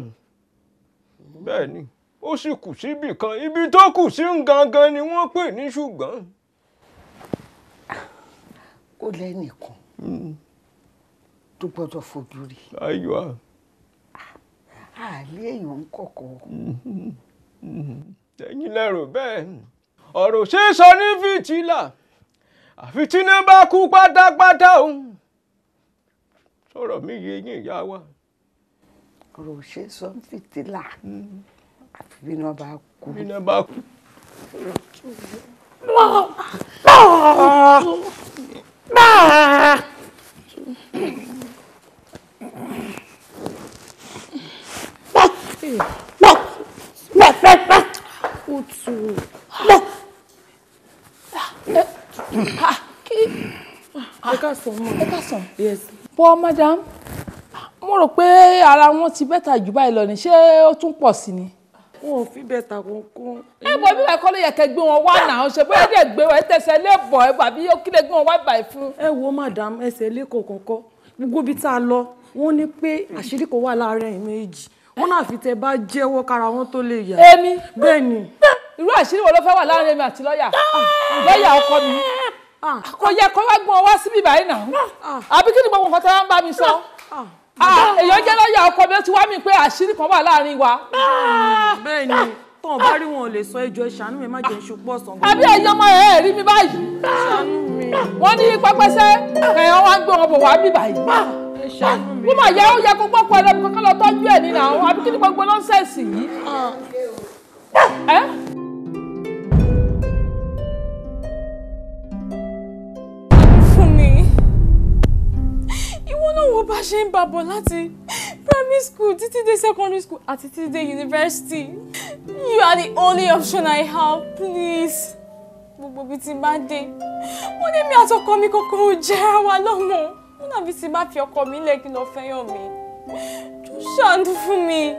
bẹ́ẹ̀ ni ó sì kù síbì kan ibi tó kù sí gangan ni wọ́n pè ní ṣùgbọ́n. ó lẹ́nìkan. Mm tó gbọ́dọ̀ fojú rí. ayọ̀ a. àlè èèyàn ń kọ̀kọ̀. ẹ̀yin lẹ́rù bẹ́ẹ̀ ọ̀rọ̀ ṣe é sọ ní fìtílà àfi tí iná bá kú pátápátá òun sọ̀rọ̀ mi yé yín ìyá wa. ọ̀rọ̀ ṣe é sọ ní fìtílà àfi bí bá kú. bí bá kú. Ah! Ah! Ah! Lọ! Lọ fẹ́ fẹ́! O tù ú. Lọ! Kí? Ẹ ká sàn mọ́. Ẹ ká sàn. Yes. Bọ́ madam, mo rò pé ara wọn ti bẹ́tà jù báyìí lọ ni, ṣé ó tún pọ̀ sí ni? wọn ò fi bẹ́ẹ̀ ta kankan. ẹ bọ bí wàá kọ́ ló yẹ kẹ́ gbé wọn wá náà ṣe bóyá dẹ̀ gbé wọn tẹ̀sẹ̀ lé bọ̀ ẹ bàbí ó kí lè gbé wọn wá báyìí fún. ẹ wo madam ẹsẹ̀ lẹ́kọ̀ọ́ kankan gbogbo ibi tá a lọ wọ́n ní pé àṣírí kò wà láàárín ẹ̀yìn méjì wọn náà fi tẹ bá jẹ́wọ́ kára wọn tó lè yà. èmi bẹ́ẹ̀ ni. irú àṣírí wo ló fẹ́ wà láàrin èmi àti lọ́ọ̀yà ah! lọ́ọ̀yà ọkọ mi ah! kò yẹ kó wá gbọ́n wá síbí báyìí náà ah! àbí kí ni gbogbo nǹkan tí wọ́n bá mi sọ èèyàn jẹ́ lọ́ọ̀yà ọkọ mi ó ti wá mi pé àṣírí kan wà láàrin wa. bẹ́ẹ̀ ni tán bá rí wọn lè sọ ẹjọ́ ìṣàánú mi má jẹ́ ìṣùpọ̀ sàn. àbí ẹ̀yin ọmọ ẹ̀ rí mi báyìí. ìṣàánú mi. wọ́n ní pẹ́pẹ́sẹ́ ẹ̀yàn wá ń gbé ọmọ bò wá bí báyìí wọ́n máa yẹ ó yẹ kó gbọ́kọ̀ ẹlẹ́bi kankan lọ tọ́jú ẹ̀ nínú àwọn àbí kí ni gbogbo nọ́ńsẹ̀sì yìí. fún mi ìwọ náà wo bá ṣe ń bàbọ̀ láti primary school títí dé secondary school àti títí dé university you are the only option I have please gbogbo bíi ti bá dé wọ́n ní mi àtọkọ mi kọ́kọ́ ò jẹ́ ara lọ́mọ wọn dàbí ti bá fi ọkọ mi lẹ́kí lọ fẹ́yàn mi tó ṣàánú fún mi.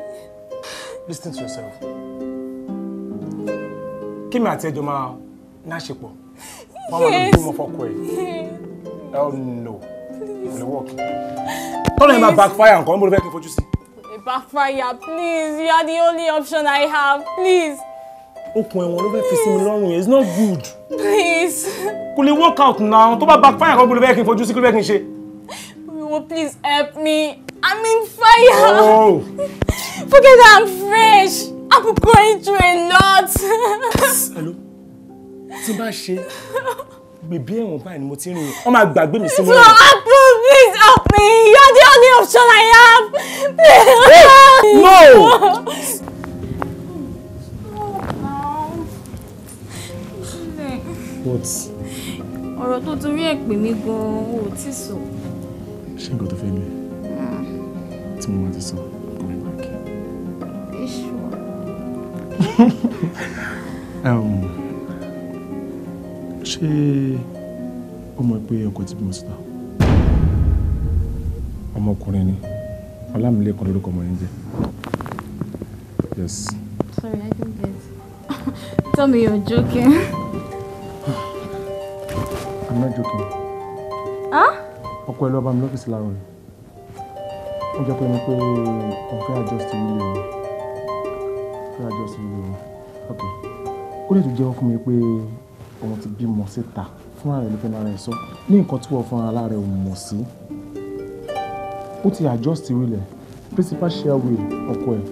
listen to yourself kí mi àti ẹjọ́ máa náṣepọ̀ wọn wà lórí bímọ fọkọ ẹ Oh no kò lè work tọ́lá yẹn máa backfire nǹkan bó ló fẹ́ kí n fojú sí. backfire please you are the only option I have please okùn ẹ̀wọ̀n ló fẹ́ fi sí mi lọ́rùn yẹn it's not good. please. kò lè work out now tó bá backfire kan kó lè fẹ́ kí n fojú sí kó lè fẹ́ kí n ṣe people please help me i'm in fire oh. [LAUGHS] forget i'm fresh i'm going through a lot. [LAUGHS] hello tí bá ṣe bèbí ẹ̀wọ̀n báyìí ni mo ti rìn wọ́n máa gbàgbé mi sí wọn. so apple please help me you're the only option i have. Please. no. [LAUGHS] what. ọ̀rọ̀ tó torí ẹ̀ pè mí gan-an ò tí sọ ṣé nǹkan tó to mi tí mo máa ti sọ I'm coming back. Are you sure? um, ṣé ó mọ̀ pé ọkọ ti bímọ síta ọmọkùnrin ni Ọlámilékan lórúkọ ọmọ yẹn jẹ́ yes. Sorry, I didn't get. [LAUGHS] Tell me you're joking. I'm not joking. Huh? ọkọ ẹ lọ bá mi lọ́fíìsì láàárọ̀ ni ó jẹ́ pé mi pé ọ̀fẹ́ adjust nílé o ọ̀fẹ́ adjust nílé o ok ó lè tún jẹ́wọ́ fún mi pé òun ti bímọ síta fúnra rẹ̀ ló fẹ́ lára ẹ̀ sọ ní nǹkan tí wọ́n fúnra lára ẹ̀ ò mọ̀ sí ó ti adjust nílé principal share will ọkọ ẹ̀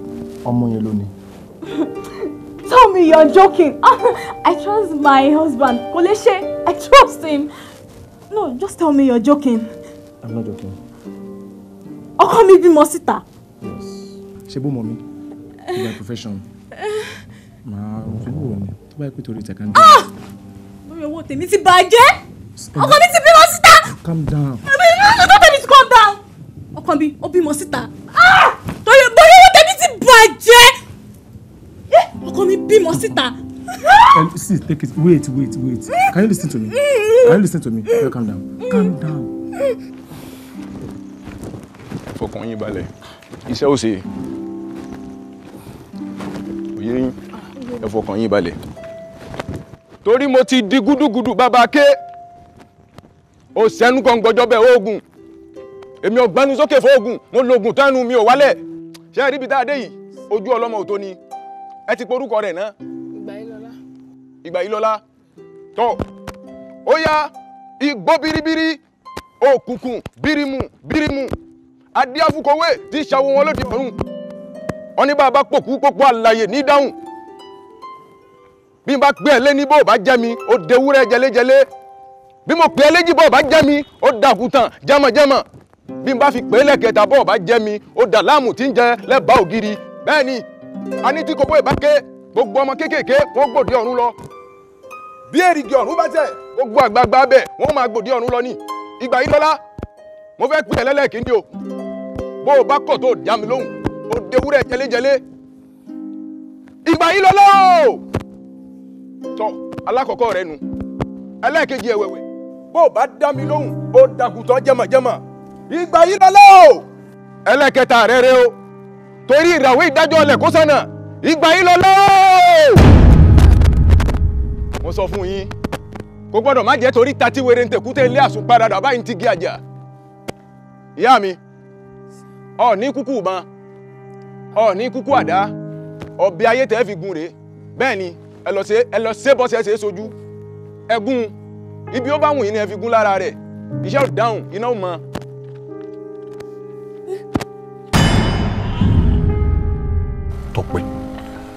ọmọ yẹn lónìí. [LAUGHS] Tell me you're joking. Ah, I trust my husband. Kò lè ṣe. I trust him. No, just tell me you're joking. I'm not joking. Ọkọ mi bímọ síta. Yes. Shebu mommy. mọ mi? By profession. Màá ojúbò wọ̀ ni. Tó bá yẹ pé torí ìtẹ̀ká ń dé. Lórí owó tèmi ti bàjẹ́. Ọkọ mi ti bímọ síta. Calm down. Ẹ̀mi ní ọ̀sán tó tẹ̀mí ti calm down. Ọkọ mi ó bímọ síta. Ah! Torí bóyá owó tèmi ti bàjẹ́. Eh! Ọkọ mi bímọ síta. Ah! See, take it. Wait, wait, wait. Can you listen to me? Can you listen to me? Mm-hmm. Calm down. Calm down. Mm-hmm fọkàn yín balẹ̀ iṣẹ́ ò ṣe òye yín ẹ fọkàn yín balẹ̀ torí mo ti di gúdúgúdú bàbá ké o sẹ́nu kan gbọ́jọ́ bẹ́ẹ̀ oògùn èmi ọ̀gbẹ́nu sókè fóògùn mo lògùn tánu mi ò wálẹ̀ ṣé ẹ rí ibi tá a dé yìí ojú ọlọ́mọ ni ẹ ti porúkọ rẹ̀ náà. ìgbà yìí lọ́la. ìgbà yìí lọ́la tó ó O igbó birimu birimu adíáfúkọwé tí í ṣàwọ wọn lóde ọ̀run wọn ní bá a bá pòkú pòkú àlàyé ní dáhùn bí n bá pè é lé bó bá jẹ́ mi ó de wúrẹ́ jẹlẹ́jẹlẹ́ bí mo pè é léjì bó bá jẹ́ mi ó dàkútàn jẹ́mọ̀jẹ́mọ̀ bí n bá fi pè é lẹ́kẹta bó bá jẹ́ mi ó dà láàmú tí ń jẹ lẹ́bàá ògiri bẹ́ẹ̀ ni a ní tí kòbó ìbáké gbogbo ọmọ kéékèèké wọ́n gbòdì ọ̀run lọ bí èrìgì ọ̀run bá tẹ̀ gbogbo àgbààgbà bẹ̀ wọ́n máa gbòdì ọ̀run lọ ní ìgbà yìí lọ́lá mo fẹ́ pè é lẹ́lẹ́kìndí o bó o bá kọ̀ tó o dá mi lóhùn o de wúrẹ́ jẹlẹ́jẹlẹ́ ìgbà yìí lọ́lọ́ tọ́ alákọ̀ọ́kọ́ rẹ nu ẹlẹ́ẹ̀kejì ẹ̀wẹ̀wẹ̀ bó o bá dá mi lóhùn o dàgùtàn jẹmọ̀jẹmọ̀ ìgbà yìí lọ́lọ́ ẹlẹ́ẹ̀kẹta rẹ rẹ o torí ìràwé ìdájọ́ ọlẹ̀ kó sànà ìgbà yìí lọ́lọ́ mo sọ fún yín kò gbọ́dọ̀ má jẹ́ torí tatiwere ntẹ̀kútẹ́ ilé àsùnpadà bàbá yìí ti gé àjà ìyá mi ọ̀ní kúkú ìbọn ọ̀ní kúkú àdá ọ̀bẹ ayé tẹ́ fi gun rèé bẹ́ẹ̀ ni ẹ lọ ṣe ẹ lọ ṣe bọ́ ṣe ṣe sojú ẹ gún ibi ó bá wùn yín ni ẹ fi gún lára rẹ̀ iṣẹ́ ò dáhùn iná ò mọ. Tọ́pẹ́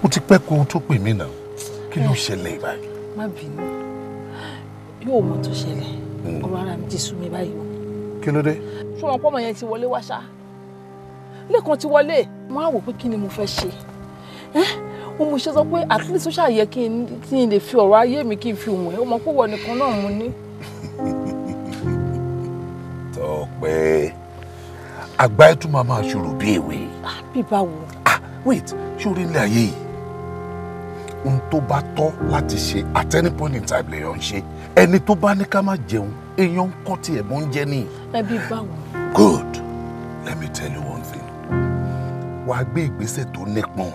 ó ti pẹ́ kó o tó pè mí náà kí ló eh, ṣẹlẹ̀ báyìí. má bínú yóò mọ tó ṣẹlẹ̀ hmm. ọ̀rọ̀ ara mi ti sú mi báyìí o. kí ló dé. ṣùgbọ́n pọ́mọ yẹn ti wọlé wá ṣáá lẹ́ẹ̀kan ti wọlé mo á wò pé kí ni mo fẹ́ ṣe mo ṣe sọ pé at least ó ṣàyẹ kí n lè fi ọ̀rọ̀ ayé mi kí n fi òun ẹ̀ ó nìkan náà mo ní. Tọ́pẹ́ àgbà ẹ máa máa ṣòro bí èwe. bí báwo. ah wait ṣé orí ilé ayé yìí ohun tó bá tọ́ láti ṣe at any point in time lèèyàn ń ṣe ẹni tó bá ní ká má jẹun èèyàn ń kọ́ tiẹ̀ mọ́ ń jẹ́ nìyí. ẹbí báwo. good let me tell you one thing wàá gbé ìgbésẹ̀ tó nípọn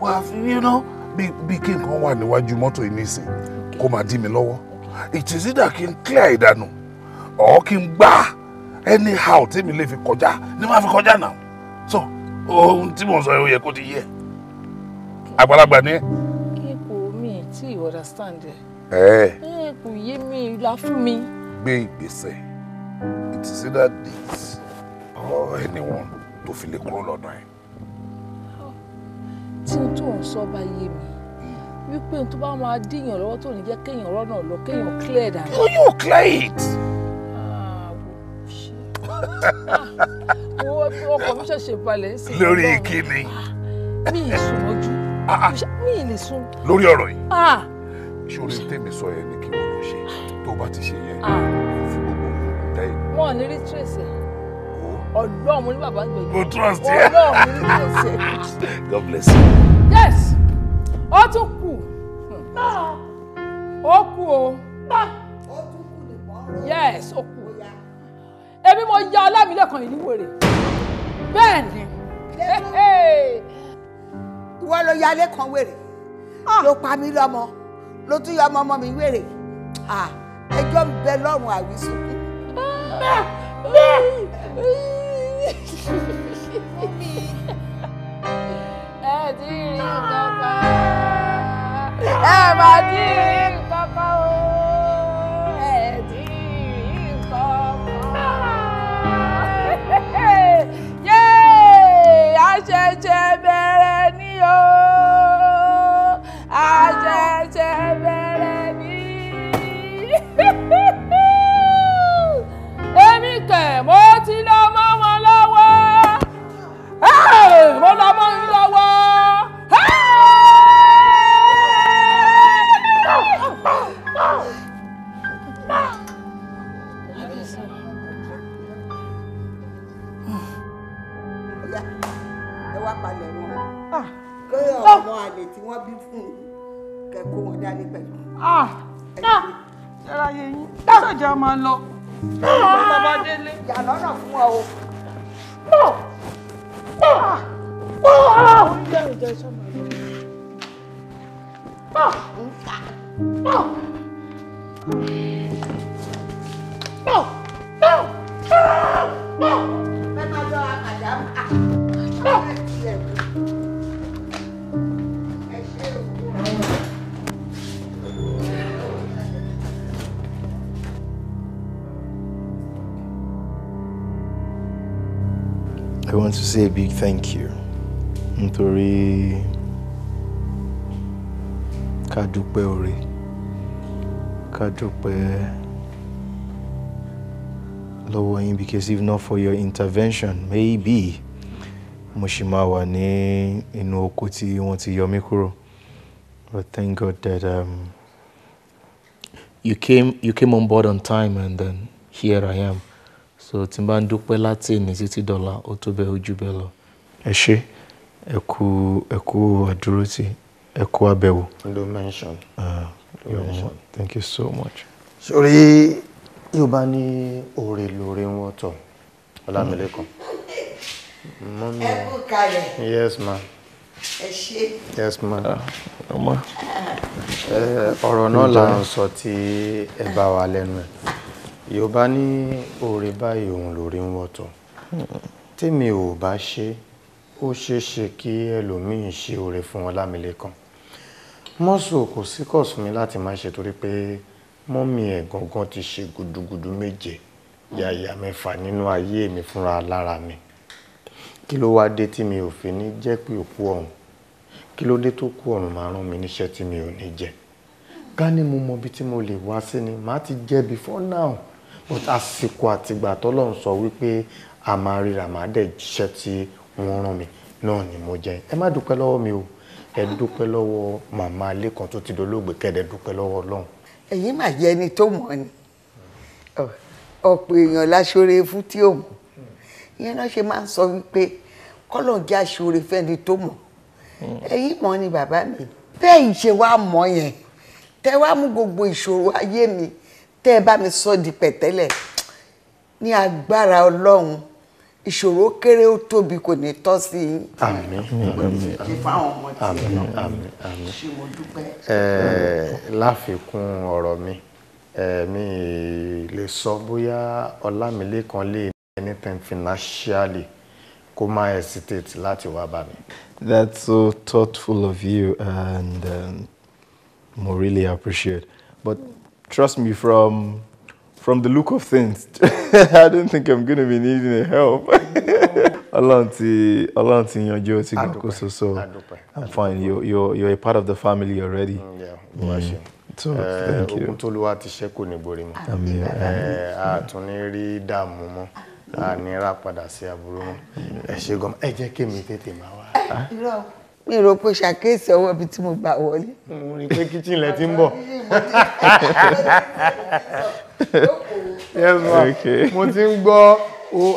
wàá fi you know bí bí kí nǹkan wà níwájú mọ́tò yìí nísìn kó máa dí mi lọ́wọ́ ìtìsídà kí n clear ìdànù ọ̀ kí n gbà anyhow tèmi lè fi kọjá ní máa fi kọjá náà so ohun tí mò ń sọ yẹn ó yẹ kó ti yẹ àgbàlagbà ni ẹ. mi tí you understand ẹ. ẹ ẹ kò yé mi la fún mi. gbé ìgbésẹ̀ ìtìsídà date or anyone tó fi lè kúrò lọ́dọ̀ ẹ̀ tí n tó sọ bá yé mi wípé n tó bá máa díyàn lọ́wọ́ tó ní jẹ́ kéèyàn rọ́nà lọ kéèyàn clear dànù. oh you clear it. ọkọ̀ mi ṣẹ̀ṣẹ̀ balẹ̀ ń sìn. lórí kíni. Ah, mi ì sùn lójú ah, ah. mi ì lè sùn. lórí ọ̀rọ̀ yìí. ṣòro tèmi sọ yẹn ni kí wọ́n lọ ṣe tó bá ti ṣe yẹn. wọ́n ní rí trace ẹ̀ ọlọ́run ní bàbá gbèjì mo trust yẹ God bless you. yes ó tún kù ó kù o yes ó kù èmi mo ya ọlámilẹ́kan ìlú wèrè bẹ́ẹ̀ ni ìwọ ló ya lẹ́kan wèrè ló pa mí lọ́mọ ló tún yọ ọmọ ọmọ mi wèrè ah, ẹjọ́ ń bẹ lọ́rùn àwísùn ẹ ti rí kankan ẹ má ti rí kankan o ẹ ti rí jẹ́ a máa lọ. Bàbá bá délé. Yà lọ́nà fún ọ o. Pọ̀ pọ̀ pọ̀. Oúnjẹ ìjẹ sọ́mọ lọ. Pọ̀ ń fà. Pọ̀ pọ̀ pọ̀ pọ̀. Bẹ́ẹ̀ bá lọ àkàdá. Pọ̀. I want to say a big thank you nítorí ká dúpẹ́ oore ká dúpẹ́ lọ́wọ́ yín because if not for your intervention maybe mo ṣì máa wà ní inú oko tí wọ́n ti yọ mí kúrò but thank God that um, you came you came on board on time and then here I am so tí n bá ń dúpẹ́ láti èní títí dọ̀la ó tó bẹ́ẹ̀ ó jù lọ. ẹ ṣé ẹ kú ẹ kú àdúrótì ẹ kú àbẹ̀wò. ló mention. Uh, ló mention. thank you so much. sori yorùbá ní òrè lóore wọn tọ ọlámilẹ́kan. ẹ kú kalẹ̀. yes ma. ẹ ṣé. yes ma. Ah, ọmọ. Eh, ọ̀rọ̀ náà la ń sọ tí ẹ bá wa lẹ́nu ẹ̀ yorùbá ní òòrè báyìí òun lórí ń wọ́tọ̀ tèmi ò bá ṣe ó ṣeé ṣe kí ẹlòmíín ṣe òòrè fún ọlámilékan mọ́sù kò sí kọ̀sùn mi láti má ṣe torí pé mọ́mì ẹ̀ gangan ti ṣe gudugudu méje yàyà mẹ́fà nínú ayé mi fúnra lára mi kí ló wá dé tí mi ò fi ní jẹ́ pé òkú ọ̀run kí ló dé tó kú ọ̀run máa rán mi níṣẹ́ tí mi ò ní jẹ ká ní mo mọ ibi tí mo lè wá sí ni màá ti jẹ before now àsìkò àtìgbà tọ́lọ́run sọ wípé a máa ríra màá dẹ̀ jíṣẹ́ tí wọ́n rán mi náà ni mo jẹ́ ẹ má dúpẹ́ lọ́wọ́ mi o ẹ dúpẹ́ lọ́wọ́ màmá lẹ́kàn tó ti dolóògbé kẹ́ẹ̀dẹ̀ dúpẹ́ lọ́wọ́ ọlọ́run. ẹ̀yin mà jẹ́ ẹni tó mọ̀ ni ọ̀pọ̀ èèyàn láṣọre fún tí ò mọ̀ ìyẹn náà ṣe máa ń sọ wípé kọ́lọ̀ jẹ́ aṣọre fẹ́ni tó mọ̀ ẹ̀yin mọ̀ ni bàbá mi bẹ́ẹ̀ ìṣe wa mọ̀ yẹn tẹ wá mú gbogbo ìṣòro ayé mi tẹ́ ẹ bá mi sọ di pẹ̀tẹ́lẹ̀ ní agbára ọlọ́run ìṣòro kéré ó tóbi kò ní tọ́ sí i. àmín àmín àmín àmín àmín. láfikún ọ̀rọ̀ mi mi lè sọ bóyá Ọlámilékan lè ní anything financially kó má hesitate láti wá bá mi. That's so thoughtful of you and um, mo really appreciate but. Mm trust me, from from the look of things, [LAUGHS] I don't think I'm going to be needing help. [LAUGHS] Ọlọ́run ti your ti yanjú ó ti so I'm fine you you you're a part of the family already. Mm, yeah. mm. So uh, thank you. Okun t'Olúwa ti ṣẹ́kù ní borí mọ́. Eh, a tún ní rí dààmú mọ́ a nira padà sí aburú mọ́ ẹ ṣe gan ẹ jẹ́ kémi tètè máa wá. Ah, irọ́ mi rò pé ṣàkíyèsí ọwọ́ ibi tí mo gbà wọlé. mo rí i pé kíchìn ti ń bọ̀ yes ma mo ti ń gbọ́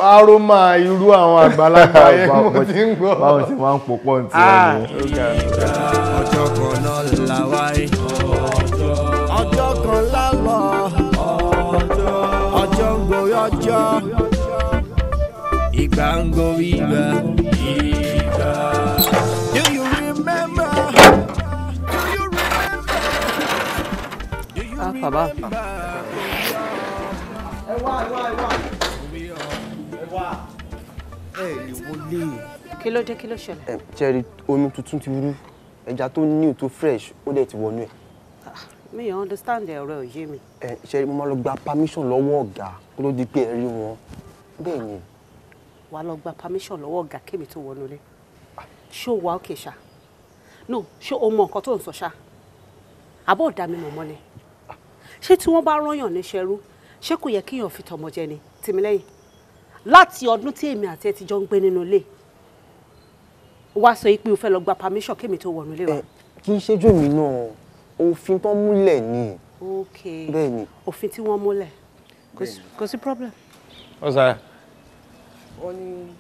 aroma irú àwọn àgbàlagbà [LAUGHS] yẹn mo ti ń gbọ́. báwo ti máa ń popọ̀ ní tiwọn ni. ọjọ́ kan náà la wáyé ọjọ́ kan lálọ́ ọjọ́ ń gorí ọjọ́ ìgbà ń gorí ìgbà. bàbá. ẹ wá ẹ wá ẹ wá ẹ wá ẹ lè wọlé. kí ló dé kí ló ṣẹlẹ̀. ẹ jẹ́rìí omi tuntun ti rú ẹja tó new tó fresh ó dẹ̀ ti wọnú ẹ̀. Ah, mi ò understand ọ̀rọ̀ òye mi. ẹ ṣe mo máa lọ gba permission lọ́wọ́ ọ̀gá kó ló di pé ẹ rí wọn bẹ́ẹ̀ ni. wà á lọ gba permission lọ́wọ́ ọ̀gá kémi tó wọnú ilé ṣé o wà ókè ṣá no ṣé o mọ nǹkan tó ń sọ ṣá àbọ̀ ọ̀dà mi mọ̀ mọ́ ni ṣé tí wọ́n bá rọ́yàn ní ṣerú ṣé kò yẹ kíyàn fi tọmọ jẹ ni tìmílẹ́yìn láti ọdún tí èmi àti ẹ ti jọ ń gbé nínú ilé wá sọ pé o fẹ́ lọ gba permission kémi tó wọnú ilé wa. kì í ṣẹ́jú mi náà òfin tó múlẹ̀ ni. ok bẹ́ẹ̀ ni òfin tí wọ́n múlẹ̀ kò sí problem. ó sá. ó ní.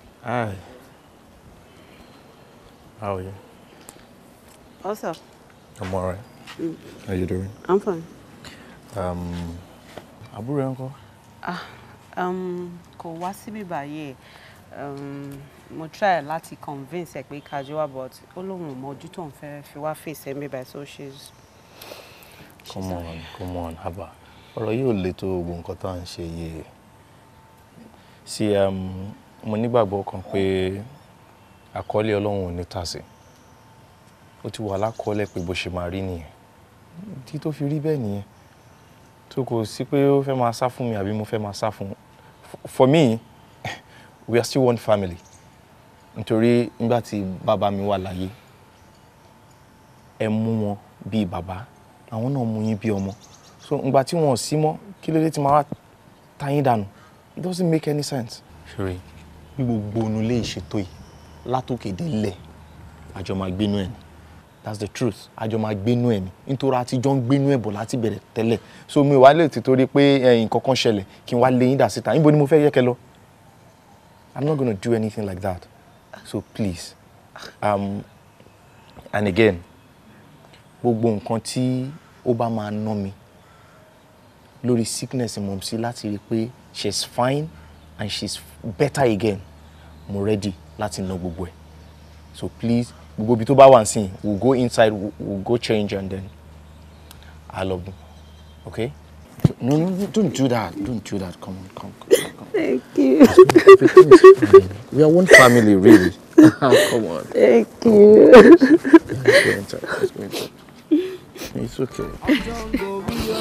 How are you? Also. I'm all right. Mm. How you doing? I'm fine. Um, àbúrò ẹ ń kọ́. Ah, um, kò wá síbí báyìí um, mo try láti convince ẹ pé kájọ but ó lóun ò mọjú tó ń fi wá fèsì ẹ̀mí báyìí so she's. come she's on sorry. come on haba ọ̀rọ̀ yìí ò le tó gbogbo nǹkan tá à ń ṣe yìí sí mo nígbàgbọ́ kan pé àkọọ́lé ọlọ́run ò ní tàsé ó ti wà lákọọ́lẹ̀ pé bó ṣe máa rí nìyẹn tí tó fi rí bẹ́ẹ̀ nìyẹn so kò sí pé ó fẹ́ máa sá fún mi àbí mo fẹ́ máa sá fún for me [LAUGHS] we are still one family nítorí nígbà tí bàbá mi wà láyé ẹ mú wọn bíi bàbá àwọn náà mú yín bíi ọmọ so ngbà tí wọn ò sí mọ́ kí ló dé tí màá wá ta yín dànù it doesn't make any sense. ṣeré bí gbogbo onú lè ṣètò yìí látòkè délẹ̀ àjọ máa gbénú ẹ̀ ni that's the truth àjọ máa gbénú ẹ̀ ni nítorí àtijọ́ ń gbénú ẹ̀ bọ̀ láti bẹ̀rẹ̀ tẹ́lẹ̀ so mi wá lè ti torí pé nǹkan kan ṣẹlẹ̀ kí n wá lé yín dà síta níbo ni mo fẹ́ yẹ lọ i'm not gonna do anything like that so please um, and again gbogbo nǹkan tí ó bá máa ná mi lórí sickness mọ̀mísí láti rí i pé she's fine and she's better again mo ready láti ná gbogbo ẹ̀ so please gbogbo ibi tó bá wà sí we go inside we we'll go change and then I love bùn okay. No, no, don't do that. Don't do that. Come on, come, come, Thank you. We are one family, really. [LAUGHS] come on. Thank come you. On. Let's go inside. Let's go inside. It's okay.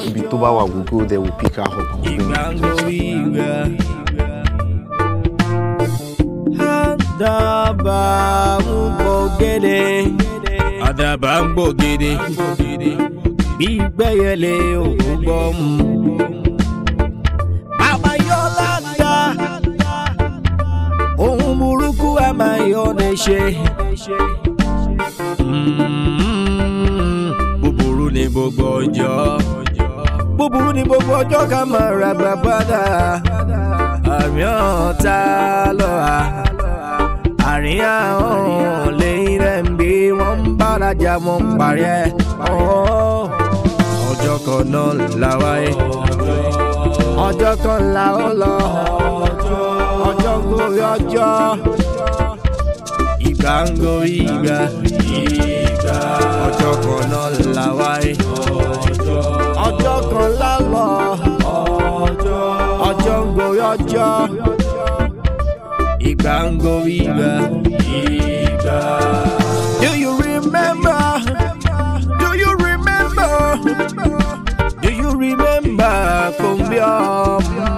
Ibi tó go there, we'll pick our hook. dábàá ń bọ̀ gẹ́dẹ́. àdàbà ń bọ̀ gẹ́dẹ́. bí gbẹ́yẹlé òkú gbọ́ mu. àbáyọ́lá ń ga ohun burúkú àbáyọ́ lè ṣe. Mm-hmm. búburú ni gbogbo ọjọ́. búburú ni gbogbo ọjọ́ ká máa ra gbàgbádà àmì ọ̀tá lọ́wọ́ àríyá ọ̀hún lè rẹ̀ ń bí wọ́n ń bárajà wọn parí ẹ̀ ọjọ́ kan náà làwáyé ọjọ́ kan là ó lọ ọjọ́ gorí ọjọ́ ìgbà ń gorí ìgbà ọjọ́ kan náà làwáyé ọjọ́ kan là lọ ọjọ́ ń gorí ọjọ́. Congo Viva. Do you remember? Do you remember? Do you remember? Cumbia.